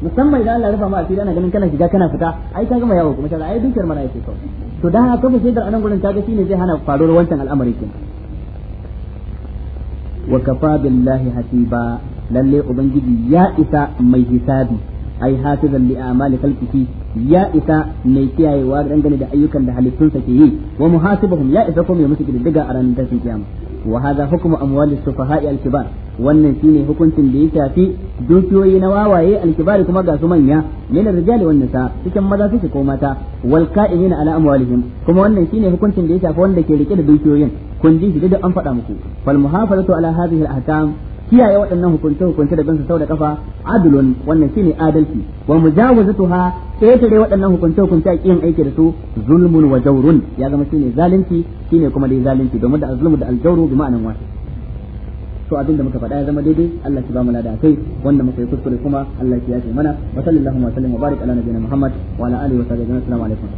musamman idan Allah rufa ma asiri ana ganin kana shiga kana fita ai ka gama yawo kuma kaza ai dukiyar mara yake kawai to dan haka ba shaidar anan gurin kaga shine zai hana faruwar wancan al'amari kin wa kafa billahi hasiba lalle ubangiji ya isa mai hisabi ai hafizan li amali khalqihi ya isa mai kiyayewa dangane da ayyukan da halittunsa ke yi wa muhasibahum ya isa kuma ya musu kididdiga a ranar tashin kiyama wa hadha hukmu amwali sufaha'i al-kibar wannan shine hukuncin da ya shafi dukiyoyi na wawaye al-kibar kuma ga su manya min ar-rijal wan nisa cikin maza suke ko mata wal qa'imin na amwalihim kuma wannan shine hukuncin da ya shafi wanda ke rike da dukiyoyin kun ji shi da an faɗa muku fal muhafazatu ala hadhihi al-ahkam kiyaye waɗannan hukunce hukunce da bin sau da kafa adlun wannan shine adalci wa mujawazatuha ƙetare waɗannan hukunce hukunce a kiyan aiki da su zulmun wa jawrun ya zama shine zalunci shine kuma dai zalunci domin da azlumu da aljawru bi ma'anan wahid to abinda muka faɗa ya zama daidai Allah ya ba mu lada kai wanda muka yi kuskure kuma Allah ya yafe mana wa sallallahu wa sallam wa barik ala nabiyina Muhammad wa ala alihi wa sahbihi assalamu alaikum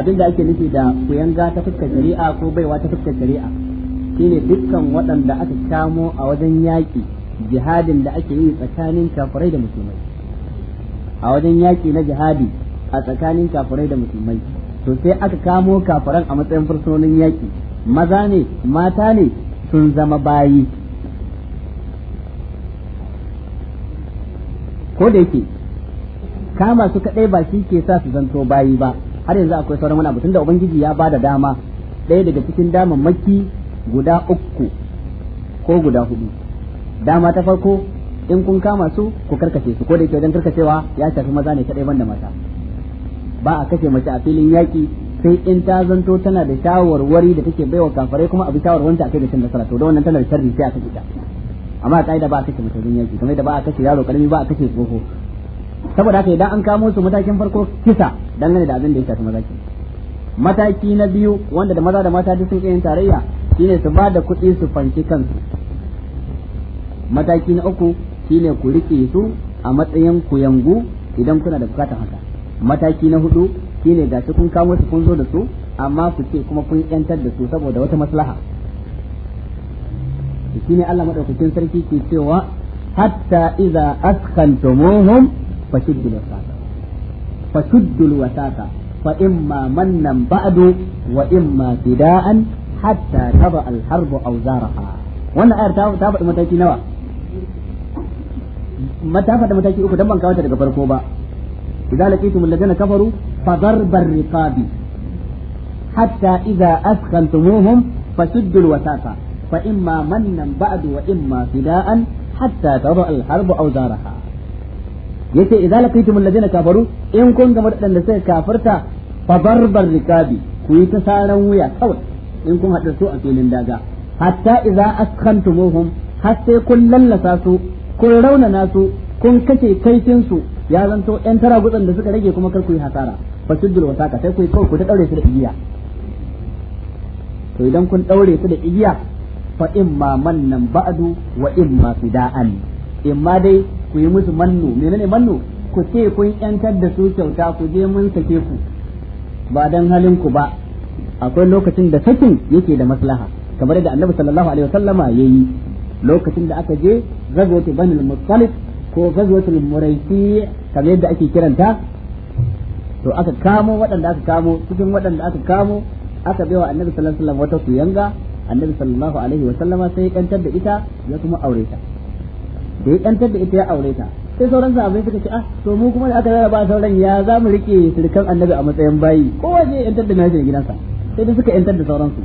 abin da ake nufi da kuyanga ta fuskar shari'a ko baiwa ta fuskar shari'a shine dukkan waɗanda aka kamo a wajen yaƙi jihadin da ake yi tsakanin kafirai da musulmai a wajen yaƙi na jihadi a tsakanin kafurai da musulmai to sai aka kamo kafuran a matsayin fursunonin yaƙi maza ne mata ne sun zama bayi ko da yake kama su kaɗai ba shi ke sa su zanto bayi ba har yanzu akwai sauran wani abu tunda ubangiji ya bada dama ɗaya daga cikin maki guda uku ko guda hudu dama ta farko in kun kama su ku karkace su ko da yake wajen karkacewa ya shafi maza ne kadai banda mata ba a kashe mace a filin yaki sai in ta zanto tana da shawarwari da take baiwa kafare kuma a bi ta akai da cin nasara to da wannan tana da sharri sai a kashe ta amma a kaida ba a kashe mace yaki kamar da ba a kashe yaro karami ba a kashe tsoho saboda haka idan an kamo su matakin farko kisa dangane da abin da ya shafi maza ke mataki na biyu wanda da maza da mata duk sun yin tarayya shine su ba da kuɗi su fanci kansu mataki na uku shine ku rike su a matsayin ku yangu idan kuna da bukatar haka mataki na hudu shine ga kun kamo su kun zo da su amma ku ce kuma kun yantar da su saboda wata maslaha shi ne Allah madaukakin sarki ke cewa hatta idza askantumuhum فشد الوساطة فشد الوساطة فإما منا بعد وإما فداء حتى تضع الحرب أوزارها wannan ayar ta ta faɗi mataki nawa ta faɗi mataki uku dan ban kawo daga farko ba idza laqitum alladhina kafaru fa darbar riqabi hatta idza askhantumuhum fasuddu alwasafa fa imma mannan ba'du wa imma fida'an yace idza laqitum alladhina kafaru in kun ga wadanda suka kafarta fa barbar rikabi ku yi ta saran wuya kawai in kun hada su a filin daga hatta idza askantumuhum har sai kun lallasa su kun raunana su kun kace kaifin su ya zanto yan tara gutsan da suka rage kuma kar ku yi hasara fa sujjul wasaka sai ku yi kawai ku ta daure su da igiya to idan kun daure su da igiya fa imma mannan ba'du wa imma fida'an imma dai ku yi musu mannu menene mannu ku ce kun yantar da su kyauta ku je mun sake ku ba dan halin ku ba akwai lokacin da sakin yake da maslaha kamar da annabi sallallahu alaihi wasallama yayi lokacin da aka je zagwatu banil muttalib ko gazwatul muraisi kamar yadda ake kiranta to aka kamo waɗanda aka kamo cikin waɗanda aka kamo aka baiwa annabi sallallahu alaihi wasallam wata kuyanga annabi sallallahu alaihi wasallama sai kantar da ita ya kuma aure ta da ya kantar da ita ya aure ta sai sauran sahabbai suka ce ah to mu kuma da aka rarraba sauran ya za mu rike sirkan annabi a matsayin bayi kowa ya yantar da nashi gidansa sai dai suka yantar da sauransu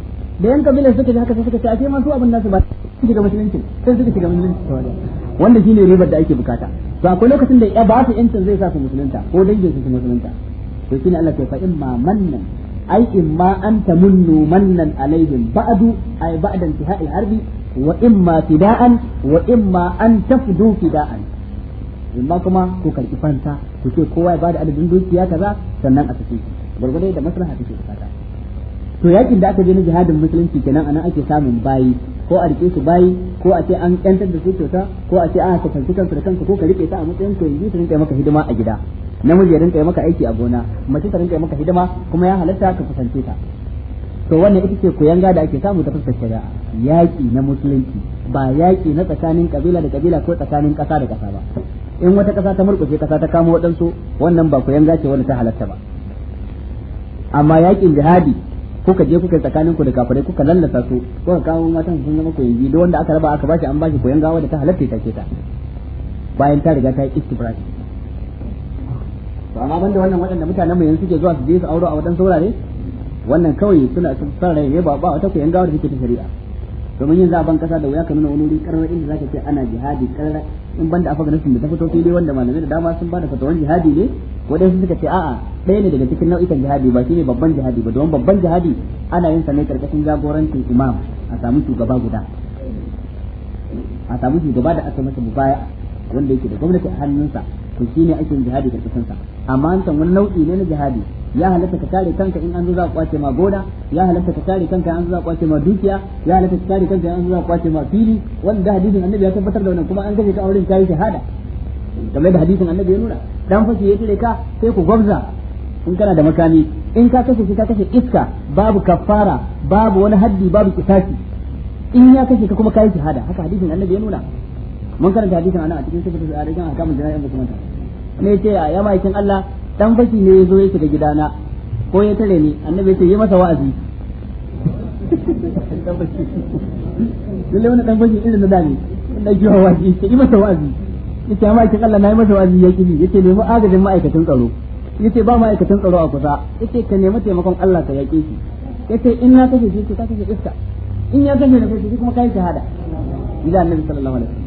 da yan kabilar suka ji haka sai suka ce a ce ma su abin nasu ba su shiga musulunci sai suka shiga musulunci ta tawada wanda shine ribar da ake bukata to akwai lokacin da ya ba su yancin zai sa su musulunta ko dangin su su musulunta to shine Allah ke fa in ma mannan ai in ma an munnu mannan alaihim ba'du ai ba'dan tihai harbi wa imma fida'an wa imma an tafdu fida'an amma kuma ku karki fanta ku ce kowa ya bada adadin dukiya kaza sannan a tafi gurgurai da maslaha take to yakin da aka je na jihadin musulunci kenan anan ake samun bayi ko a rike su bayi ko a ce an kyantar da su kyauta ko a ce a ka fanci kansu da kanka ko ka rike ta a matsayin ka yanzu ta rinka maka hidima a gida namiji ya rinka maka aiki a gona mace ta rinka maka hidima kuma ya halatta ka kusance ta to wannan ita ce koyanga da ake samu ta fuskar shari'a yaƙi na musulunci ba yaƙi na tsakanin kabila da kabila ko tsakanin ƙasa da ƙasa ba in wata ƙasa ta murƙushe ƙasa ta kama waɗansu wannan ba koyanga ce wanda ta halatta ba amma yaƙin jihadi kuka je kuka tsakaninku da kafirai kuka lallasa su kuka kawo matan sun zama koyangi duk wanda aka raba aka bashi an bashi koyanga wanda ta halatta ta ke ta bayan ta riga ta yi istibrati to amma banda wannan waɗanda mutanen mu yanzu suke zuwa su je su auro a waɗansu wurare wannan kawai suna son rai ne ba ba wata koyan gawar take ta shari'a domin yanzu a kasa da wuya ka nuna wani wuri karar inda zaka ce ana jihadi karar in banda afganistan da ta fito fili wanda malamai da dama sun bada fatawan jihadi ne wadansu suka ce a'a ɗaya ne daga cikin nau'ikan jihadi ba shine babban jihadi ba domin babban jihadi ana yin sa ne karkashin jagorancin imam a samu shugaba guda a samu shugaba da aka masa mubaya wanda yake da gwamnati a hannunsa to shine ake yin jihadi da kasansa amma an san wani nau'i ne na jihadi ya halatta ka kare kanka in an zo za ku kwace ma goda ya halatta ka kare kanka in an zo za ku kwace ma dukiya ya halatta ka kare kanka in an zo za ku kwace ma fili wanda hadisin annabi ya tabbatar da wannan kuma an gaje ka auren kai shahada kamar da hadisin annabi ya nuna dan fashi ya tare ka sai ku gwabza in kana da makami in ka kashe shi ka kashe iska babu kafara babu wani haddi babu kisasi in ya kashe ka kuma kai shahada haka hadisin annabi ya nuna mun karanta hadisin anan a cikin sifatu sa'adatin ahkamul jana'i ba kuma ta ne ce ya ma'aikin Allah dan fashi ne yazo ya shiga gidana ko ya tare ni annabi ya ce yi masa wa'azi lalle wani dan fashi irin na dani da jiwa wa'azi ce yi masa wa'azi yace ma'aikin Allah na yi masa wa'azi ya kini yace nemi agajin ma'aikatan tsaro yace ba ma'aikatan tsaro a kusa yace ka nemi taimakon Allah ka yake shi yace in na kashe shi ka kashe iska in ya kashe da kashe kuma kai shahada idan annabi sallallahu alaihi wasallam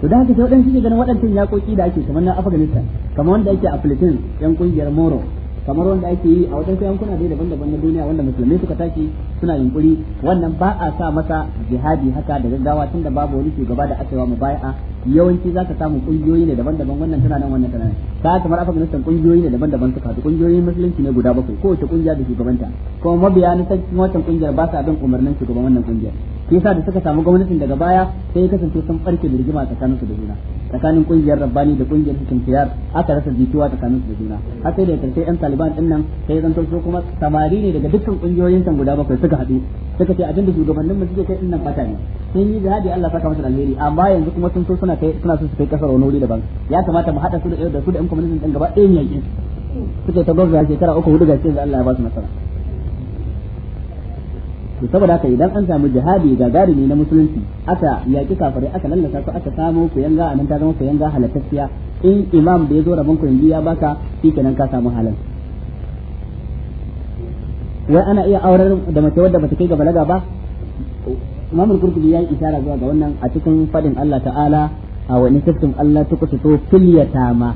to da haka sai waɗansu ke ganin waɗancan yaƙoƙi da ake kamar na Afghanistan kamar wanda ake a Philippines yan ƙungiyar Moro kamar wanda ake yi a waɗansu yankuna dai daban-daban na duniya wanda musulmai suka tashi suna yunkuri wannan ba a sa masa jihadi haka da gaggawa tunda babu wani shugaba da aka yi wa mubaya'a yawanci za ka samu kungiyoyi ne daban-daban wannan tana nan wannan tana nan ta kamar afganistan kungiyoyi ne daban-daban suka haɗu kungiyoyin musulunci ne guda bakwai kowace kungiya da gabanta kuma mabiya na sarkin wata kungiyar ba sa bin umarnin shugaban wannan kungiyar sa da suka samu gwamnatin daga baya sai ya kasance sun farke da rigima tsakanin su da juna tsakanin kungiyar rabbani da kungiyar cikin tiyar aka rasa jituwa tsakanin su da juna har sai da karshe yan taliban din nan sai zanto su kuma samari ne daga dukkan kungiyoyin san guda bakwai suka haɗu suka ce abinda shugabannin mu suke kai din nan fata ne sun yi jihadi Allah saka musu alheri amma yanzu kuma sun so suna suna kai suna so su kai kasar wani wuri daban ya kamata mu hada su da da su da ɗan communism din gaba ɗayan yakin suke ta gwamnati shekara uku hudu ce da Allah ya ba su nasara to saboda haka idan an samu jihadi gagarumi na musulunci aka yaki kafirai aka lallata su aka samu kuyanga a nan ta zama kuyanga halattacciya in imam da ya zo rabon kuyangi ya baka shikenan ka samu halin. wai ana iya aurar da mace wadda bata kai ga balaga ba imam al-qurtubi yi isara zuwa ga wannan a cikin fadin Allah ta'ala a wani kiftin Allah ta kusa to filyata ma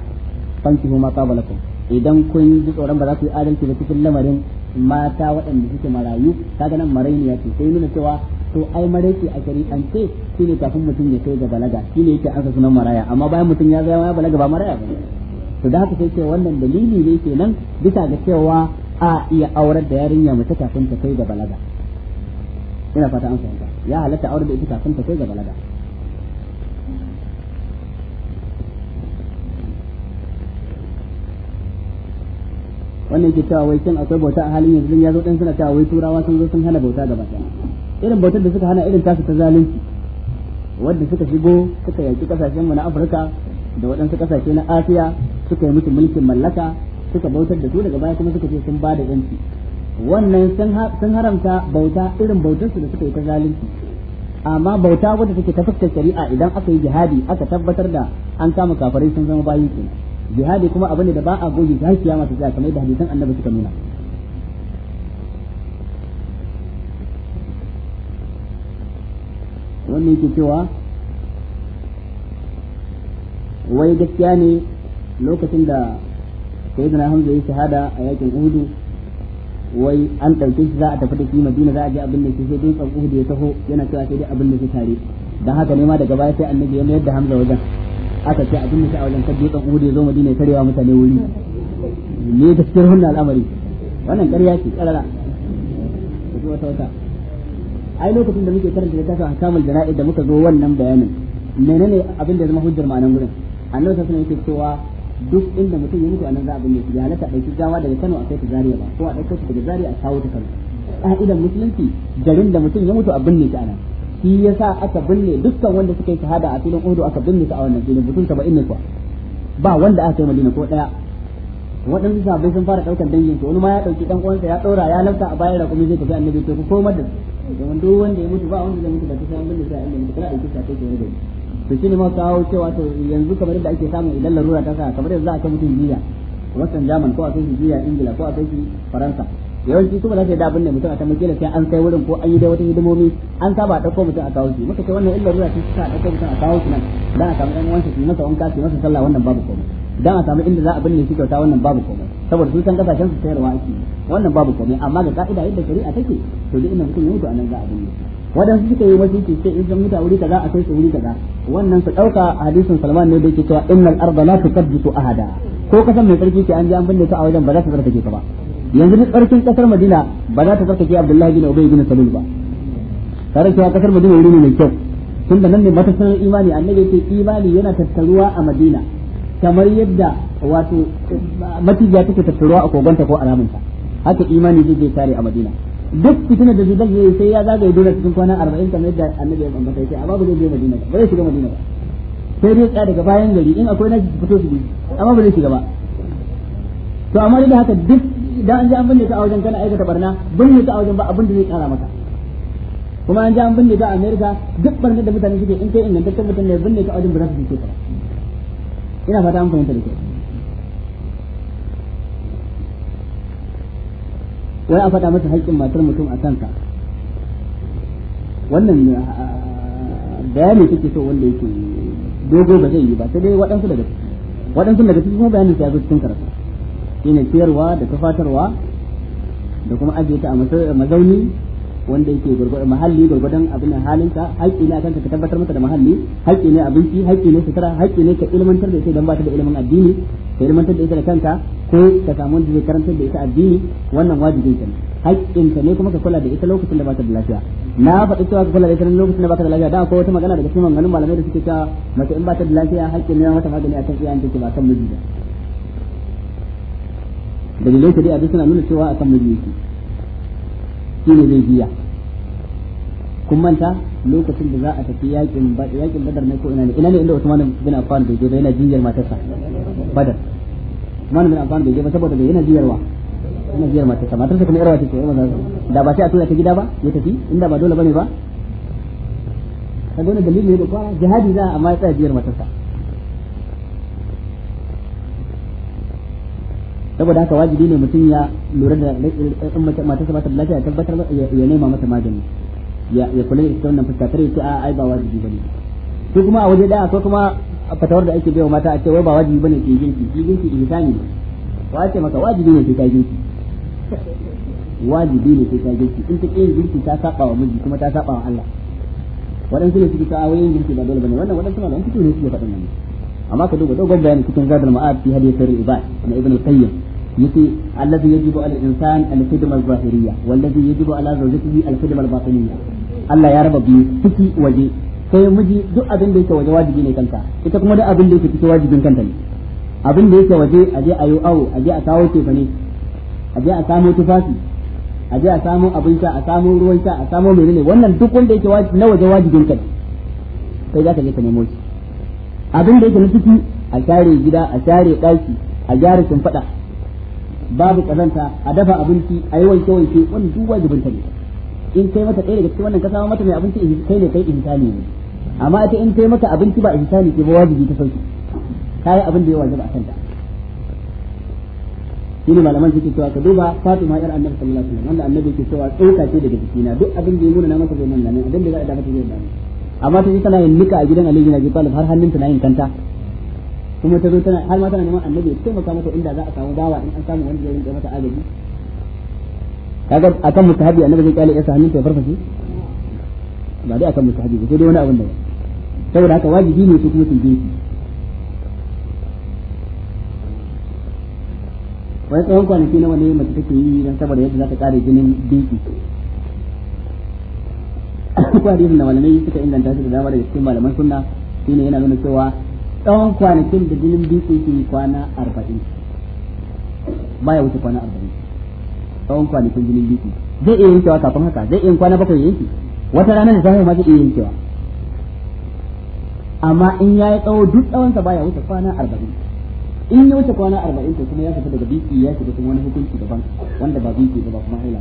fanki ma kabalakum idan kun ji tsoron ba za ku yi adalci ba cikin lamarin mata waɗanda suke marayu kaga nan marainiya ce sai nuna cewa to ai maraiki a shari'ance ne kafin mutum ya kai ga balaga shi ne yake ansa sunan maraya amma bayan mutum ya zama ya balaga ba maraya ba to da haka sai ce wannan dalili ne ke nan bisa ga cewa a iya aurar da yarinya mace kafin ta kai ga balaga ina fata an fahimta ya halatta aurar da ita kafin ta kai ga balaga wannan ke cewa wai kin akwai bauta a halin yanzu ya zo dan suna cewa wai turawa sun zo sun hana bauta gaba ɗaya irin bautar da suka hana irin tasu ta zalunci wadda suka shigo suka yaki kasashen mu na Afirka da waɗansu kasashe na Asiya suka yi musu mulkin mallaka suka bautar da su daga baya kuma suka ce sun ba da yanci wannan sun haramta bauta irin bautarsu da suka yi ta zalunci amma bauta wadda take ta fuskar shari'a idan aka yi jihadi aka tabbatar da an kama kafarai sun zama bayi kenan jihadi kuma abu ne da ba a goge ta kiyama ta tsaya kamar da hadisan annabi suka nuna wannan yake cewa wai gaskiya ne lokacin da sayyidina hamza ya shahada a yakin uhudu wai an ɗauke shi za a tafi da shi madina za a je abin da shi sai dutsen uhudu ya taho yana cewa sai dai abin da shi tare don haka ne ma daga baya sai annabi ya mayar da hamza wajen aka ce abin shi a wajen ɗan dan da ya zo madina ya tarewa mutane wuri ne cikin wannan al'amari wannan ƙarya ce ƙarara ko wata wata ai lokacin da muke karanta littafin ahkamul jana'i da muka zo wannan bayanin menene abin da zama hujjar ma'anan gurin annabi sassan yake cewa duk inda mutum ya mutu anan za a binne shi ya halatta ɗauki gawa daga Kano a kai ta Zariya ba ko a ɗauki ta daga Zariya a kawo ta Kano ka'idan musulunci garin da mutum ya mutu a binne shi nan shi yasa aka binne dukkan wanda suka yi shahada a filin Uhud aka binne su a wannan filin mutum 70 ne kuwa ba wanda aka yi Madina ko daya waɗansu sahabbai sun fara ɗaukar dangin su wani ma ya ɗauki ɗan uwansa ya ɗora ya lafta a bayan raƙumi zai tafi annabi to ku komar da domin duk wanda ya mutu ba wanda zai mutu da kusa binne sai annabi kana ɗauki sa kai ke wani to ne ma kawo cewa to yanzu kamar yadda ake samu idan larura ta sa kamar yanzu za a kai mutum jiya wasan jaman ko a kai shi jiya ingila ko a kai shi faransa yawanci su ba za su yi abin da mutum a tamar da sai an sai wurin ko an yi dai wata hidimomi an saba a ɗauko mutum a kawo shi muka ce wannan illar ruwa ce suka ɗauko mutum a kawo shi nan dan a samu ɗan wancan su masa wanka su masa sallah wannan babu komai dan a samu inda za a binne shi kyauta wannan babu komai saboda su san kasashen su sayarwa ake wannan babu komai amma ga ka'ida yadda shari'a take to duk inda mutum ya mutu a nan za a binne shi su suka yi wasiki sai in sun mutu a wuri kaza a kai su wuri kaza wannan su ɗauka hadisin Salman ne da yake cewa innal arda la tukaddisu ahada ko kasan mai tsarki ke an ji an binne ta a wajen ba za ta tsarkake ka ba yanzu duk tsarkin kasar Madina ba za ta tsarkake Abdullahi bin Ubay bin Salul ba tare cewa kasar Madina wuri ne mai kyau tunda nan ne matasan imani annabi ce imani yana tattaruwa a Madina kamar yadda wato matijiya take tattaruwa a kogonta ko a ramunta haka imani zai tare a Madina duk fitina da zuban zai sai ya zagaye dole cikin kwana arba'in kamar yadda annabi ya ambata sai amma ba zai je Madina ba zai shiga Madina ba sai dai tsaya daga bayan gari in akwai naji fito su bi amma ba zai shiga ba to amma da haka duk idan an ji an binne ta a wajen kana aikata barna binne ta a wajen ba abin da zai kara maka kuma an ji an binne ta a Amerika duk barnar da mutane suke in kai ingantaccen mutum ne binne ta a wajen ba za su fice ta ina fata an fahimta da kyau wai a fata masa haƙƙin matar mutum a kanka wannan ah, bayani suke so wanda yake dogo ba zai yi ba sai dai waɗansu daga cikin waɗansu daga ciki kuma bayanin ya zo cikin karatu shine ciyarwa da tufatarwa da kuma ajiye ta a mazauni wanda yake gurgurdan mahalli gurgurdan abin halin halinka haƙƙi ne akan ka tabbatar maka da mahalli haƙƙi ne abinci haƙƙi ne sutura haƙƙi ne ka ilmantar da ita dan ba ta da ilimin addini ka ilmantar da ita da kanka ko ka samu wanda zai karantar da ita addini wannan wajibin ka ne haƙƙin ka ne kuma ka kula da ita lokacin da ba ta da lafiya na faɗi cewa ka kula da ita lokacin da ba ta da lafiya da akwai wata magana daga cikin maganganun malamai da suke cewa mace in ba ta da lafiya haƙƙin ne mata magani akan iyayen take ba kan miji ba dalilai shari'a duk suna nuna cewa akan samu yake shi ne zai biya kun manta lokacin da za a tafi yakin yakin badar ne ko ina ne ina ne inda Usman bin Affan bai je ba yana jinyar matarsa badar Usman bin Affan bai je ba saboda bai yana jiyarwa yana jiyar matarsa matarsa kuma yarwa take yarwa da ba sai a tura ta gida ba ya tafi inda ba dole bane ba kaga wannan dalili ne ko jihadi za a amma ya tsaya jiyar matarsa saboda haka wajibi ne mutum ya lura da in mace mata sa ta lafiya tabbatar ya nema mata magani ya kula da wannan fuska kare ce a ai ba wajibi bane ko kuma a waje daya ko kuma a fatawar da ake bayar mata a ce wai ba wajibi bane ke ginki ki ginki ihsani ne wa ce maka wajibi ne ke ka ginki wajibi ne ke ka ginki in ta ke ginki ta saba wa miji kuma ta saba wa Allah waɗansu ne suke ta wayoyin ginki ba dole bane wannan waɗansu malaman fito ne suke faɗin nan amma ka duba dogon bayani cikin zadar ma'ad fi hadith sirri ibad na ibn al-qayyim يتي الذي يجب على الإنسان الخدمة الظاهرية والذي يجب على زوجته الخدمة الباطنية الله يا رب بي تكي وجي kai miji duk abin da yake waje wajibi ne kanta ita kuma duk abin da yake cikin wajibin kanta ne abin da yake waje a je a yi awo a je a kawo tefa ne a je a samo tufafi a je a samo abin sha a samo ruwan sha a samo menene wannan duk wanda yake na waje wajibin kanta sai za ka je ka nemo shi abin da yake na ciki a share gida a share daki a gyara shimfiɗa babu kazanta a dafa abinci a yi wanke wanke wani duk wajibin ta ne in kai mata ɗaya daga cikin wannan ka mata mai abinci kai ne kai ta ne amma ita in kai mata abinci ba ne ke ba wajibi ta sauki ta yi abin da ya wajiba a kanta shi ne malaman suke cewa ka duba Fatima yar Annabi sallallahu alaihi wasallam wanda Annabi ke cewa tsoka ce daga jikina duk abin da ya nuna na masa zai nan nan abin da za a dafa zai nan amma ta yi tana yin nika a gidan Ali na Abi Talib har hannunta na yin kanta kuma ta zo tana har ma tana neman annabi ya taimaka mata inda za a samu bawa in an samu wanda zai rinka mata agaji kaga akan mustahabi annabi zai kyale yasa hannunta ya farfashe ba dai akan mustahabi ba sai dai wani abin da saboda haka wajibi ne su kuma su je wani tsawon kwanaki nawa ne mace take yi don saboda yadda za ta kare jinin biki ko hadisin da malamai suka inganta shi da dama daga cikin malaman sunna shine yana nuna cewa tsawon kwanakin da jinin dutse ke kwana arba'in ba ya wuce kwana arba'in tsawon kwanakin jinin dutse zai iya yankewa kafin haka zai iya kwana bakwai yanki wata rana da zahiri ma zai iya yankewa amma in ya yi tsawo duk tsawonsa ya wuce kwana arba'in in ya wuce kwana arba'in to kuma ya fita daga biki ya shiga cikin wani hukunci daban wanda ba biki ba kuma haila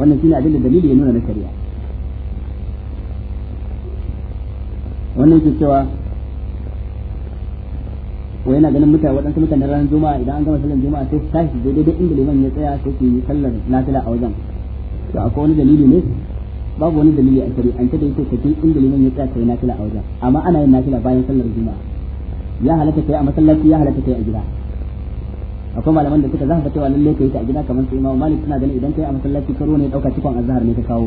wannan shine abin da dalili ya nuna na shari'a wannan ke cewa wai yana ganin mutane waɗansu mutanen ranar juma'a idan an gama sallar juma'a sai su tashi daidai inda liman ya tsaya sai su yi sallar nafila a wajen to akwai wani dalili ne babu wani dalili a shari'ance yi yake tafi inda liman ya tsaya yi nafila a wajen amma ana yin nafila bayan sallar juma'a ya halatta kai a masallaci ya halatta kai a gida akwai malaman da suka zafa cewa lalle kai ta a gida kamar su imamu malik suna ganin idan kai a masallaci karo ne ɗauka cikon azhar ne ka kawo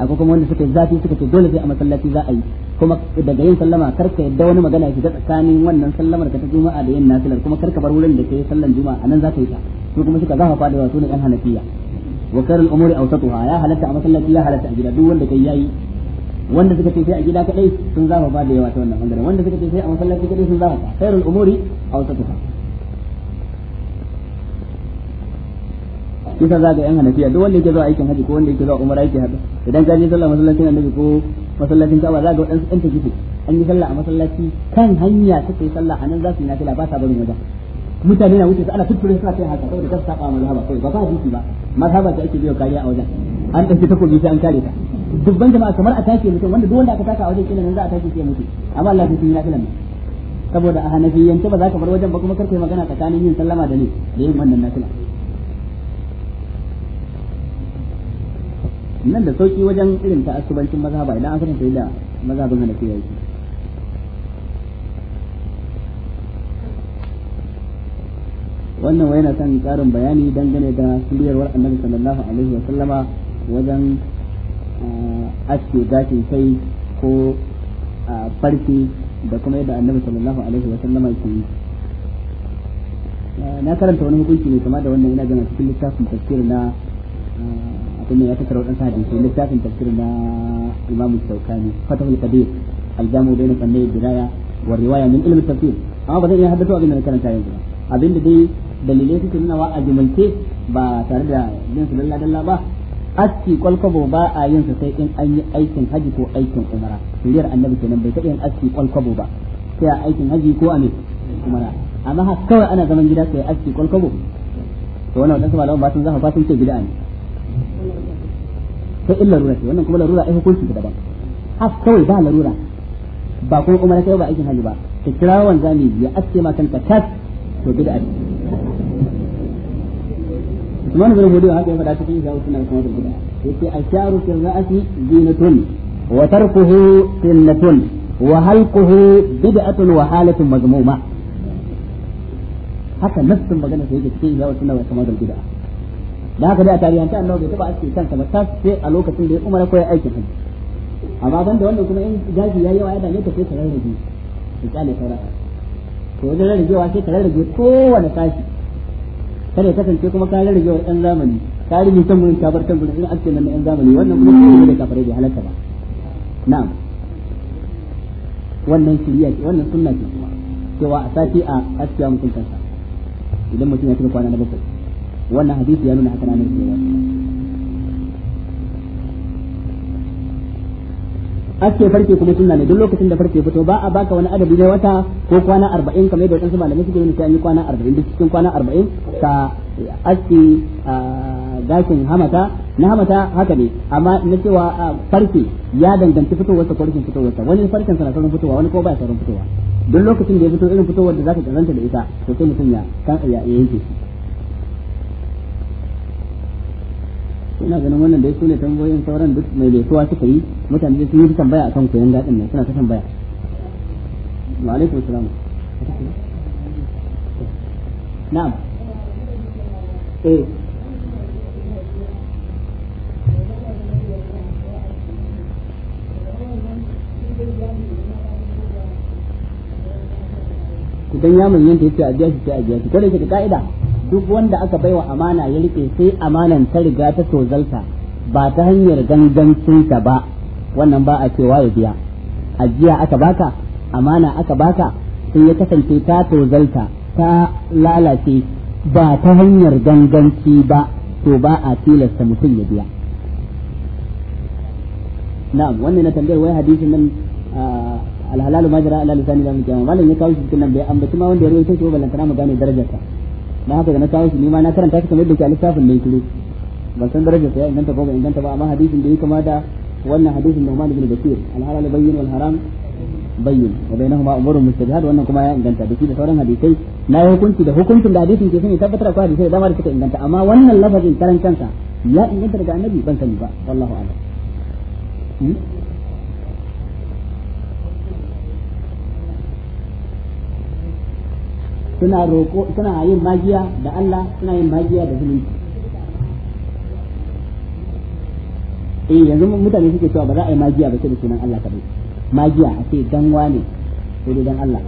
akwai kuma wanda suka yi zafi suka ce dole sai a masallaci za a yi kuma daga yin sallama kar ka yadda wani magana ya shiga tsakanin wannan sallamar ka ta juma'a da yin nafilar kuma kar ka bar wurin da kai sallan juma'a a nan za ka yi ta su kuma suka zafa fadawa wasu ne ɗan hanafiya wa karal umuri awsatuha ya halatta a masallaci ya halatta a gida duk wanda kai yayi wanda suka ce sai a gida kaɗai sun zafa fadawa ta wannan bangaren wanda suka ce sai a masallaci kaɗai sun zafa khairul umuri awsatuha kisa za ga yan hanafiya duk wanda yake zuwa aikin haji ko wanda yake zuwa umara yake haka idan ka je sallah masallacin annabi ko masallacin kaba za ga wadansu ɗan tafiye an yi sallah a masallaci kan hanya ta kai sallah nan za su yi nafila ba ta barin wajen mutane na wuce su ana tutture suna kai haka saboda kar saba haba kawai ba ka hadisi ba mazhaba ta ake biyo kariya a wajen an ɗauki takobi sai an kare ta dubban jama'a kamar a tashi mutum wanda duk wanda aka taka a wajen kila nan za a tashi sai mutu amma Allah sai yi nafila ne saboda a hanafiyance ba za ka bar wajen ba kuma karfe magana tsakanin yin sallama da ne da yin wannan nafila nan da sauki wajen irin ta asubancin ba idan an karanta da hana hanafiya yake wannan wai yana son karin bayani dangane da shiryarwar annabi sallallahu alaihi wa sallama wajen eh, aske gashin kai ko a eh, farki da kuma yadda annabi sallallahu alaihi wa sallama ke yi eh, na karanta wani hukunci ne kama da wannan yana gana cikin littafin tafsir na kuma ya tattara wadansu hadisi littafin tafsir na Imam Shaukani Fathul Qadir al-Jamu bayna qannay diraya wa riwaya min ilm tafsir amma ba zan iya haddace abin da na karanta yanzu abin da dai dalilai suke nuna wa a jumulce ba tare da jin su dalla dalla ba aski kwalkwabo ba a yin sa sai in an yi aikin haji ko aikin umara shiriyar annabi kenan bai taɓa yin aski kwalkwabo ba sai a aikin haji ko a ne umara amma haka kawai ana zaman gida sai aski kwalkwabo to wannan wadansu malaman ba sun zama ba sun ce gida ne sai in larura ce wannan kuma larura ai hukunci ta daban haf kawai ba larura ba kuma umar kai ba aikin hali ba ka kira wanzami ya aske ma kanka tas to bid'a ce Usman bin Hudu haka ya faɗa cikin Isa Usman bin Hudu bid'a yace asharu fil ra'si zinatun wa tarkuhu sunnatun wa halquhu bid'atun wa halatun mazmuma haka nassin magana sai yake cikin Isa Usman bin Hudu bid'a da haka da a tarihin ta annabi bai taba aske kan ba tas sai a lokacin da ya umara ko ya aikin hajji amma dan da wannan kuma in ya yayi yawa ya dame ta sai ka rarrage ta kyale ka to da rarragewa sai ta rarrage kowane sashi kada ya kasance kuma ka rarrage wa zamani ka rage kan mun kabar kan gurin irin askin nan na ɗan zamani wannan kuma da kafare bai halatta ba na'am wannan shirya ce wannan sunna ce cewa a sati a askiya mutum kansa idan mutum ya kira kwana na bakwai wannan hadisi ya nuna haka nan ake farke kuma sunna ne duk lokacin da farke fito ba a baka wani adadi na wata ko kwana 40 kamar yadda wasu malamai suke nuna sai kwana 40 duk cikin kwana 40 ka aske gashin hamata na hamata haka ne amma na cewa farke ya danganci fitowar sa farkin fitowar sa wani farkin sa na sauran fitowa wani ko ba sauran fitowa duk lokacin da ya fito irin fitowar da zaka karanta da ita to sai mutum ya kan ya yanke shi ina ganin wannan dai sune tambayoyin sauran duk mai bai kowa suka yi mutane dai sun yi tambaya akan koyon daɗin ne suna ta tambaya wa alaikum salam na'am eh idan ya manyanta yace a biya shi sai a biya shi kada shi da ka'ida duk wanda aka baiwa amana ya rike sai amanan ta riga ta tozalta ba ta hanyar gangancinta ba wannan ba a cewa ya biya ajiya aka baka amana aka baka sai ya kasance ta tozalta ta lalace ba ta hanyar ganganci ba to ba a tilasta mutum ya biya na'am wannan na tambayar wai hadisin nan alhalalu majra ala lisani da mutum malam ya kawo shi cikin nan bai ambaci ma wanda ya rawaito shi ba lantana mu gane darajarsa na haka na kawo shi ni ma na karanta shi kamar da ke alisafin littafin mai kiro ban san darajar sa ya inganta ba ba inganta ba amma hadisin da ya kama da wannan hadisin da Umar ibn Bakir al-halal bayyin wal haram bayyin wa bainahuma umurun mustajhad wannan kuma ya inganta da shi da sauran hadisai na yi hukunci da hukuncin da hadisin ke sun ya tabbatar ko hadisai da dama da suka inganta amma wannan lafazin karan kansa ya inganta daga annabi ban sani ba wallahu a'lam hmm? suna roko suna yin magiya da Allah suna yin magiya da zulunci eh yanzu mutane suke cewa ba za a yi magiya ba sai da sunan Allah kadai magiya a ce ganwa ne sai dai dan Allah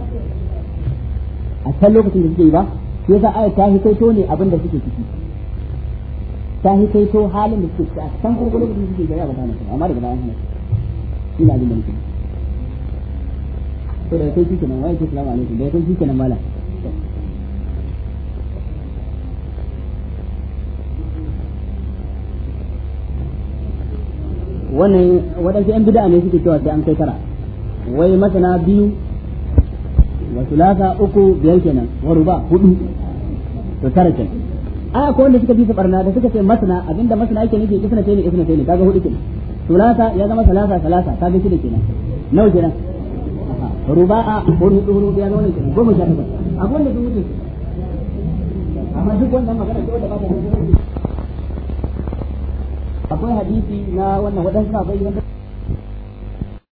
a can lokacin da suke yi ba sai za a yi ta hikaito ne abin da suke ciki ta hikaito halin da suke ciki a san farko lokacin da suke gari ba ta amma daga bayan haka ina jin da mutum to da kai kike nan wai kike salamu alaikum da kai kike nan malam wannan waɗansu yan bid'a ne suke cewa sai an kai tara wai masana biyu wa sulasa uku biyar kenan wa ruba hudu to tara ce a akwai wanda suka bi su barna da suka ce masana abinda masana yake nufi isna ce ne isna ce ne kaga hudu kenan sulasa ya zama salasa salasa bi shida kenan nawa kenan ruba'a hudu hudu hudu ya zama ne kenan goma sha takwas akwai wanda sun wuce amma duk wannan magana ce wanda ba ta akwai hadisi na wannan wadansu na bayyana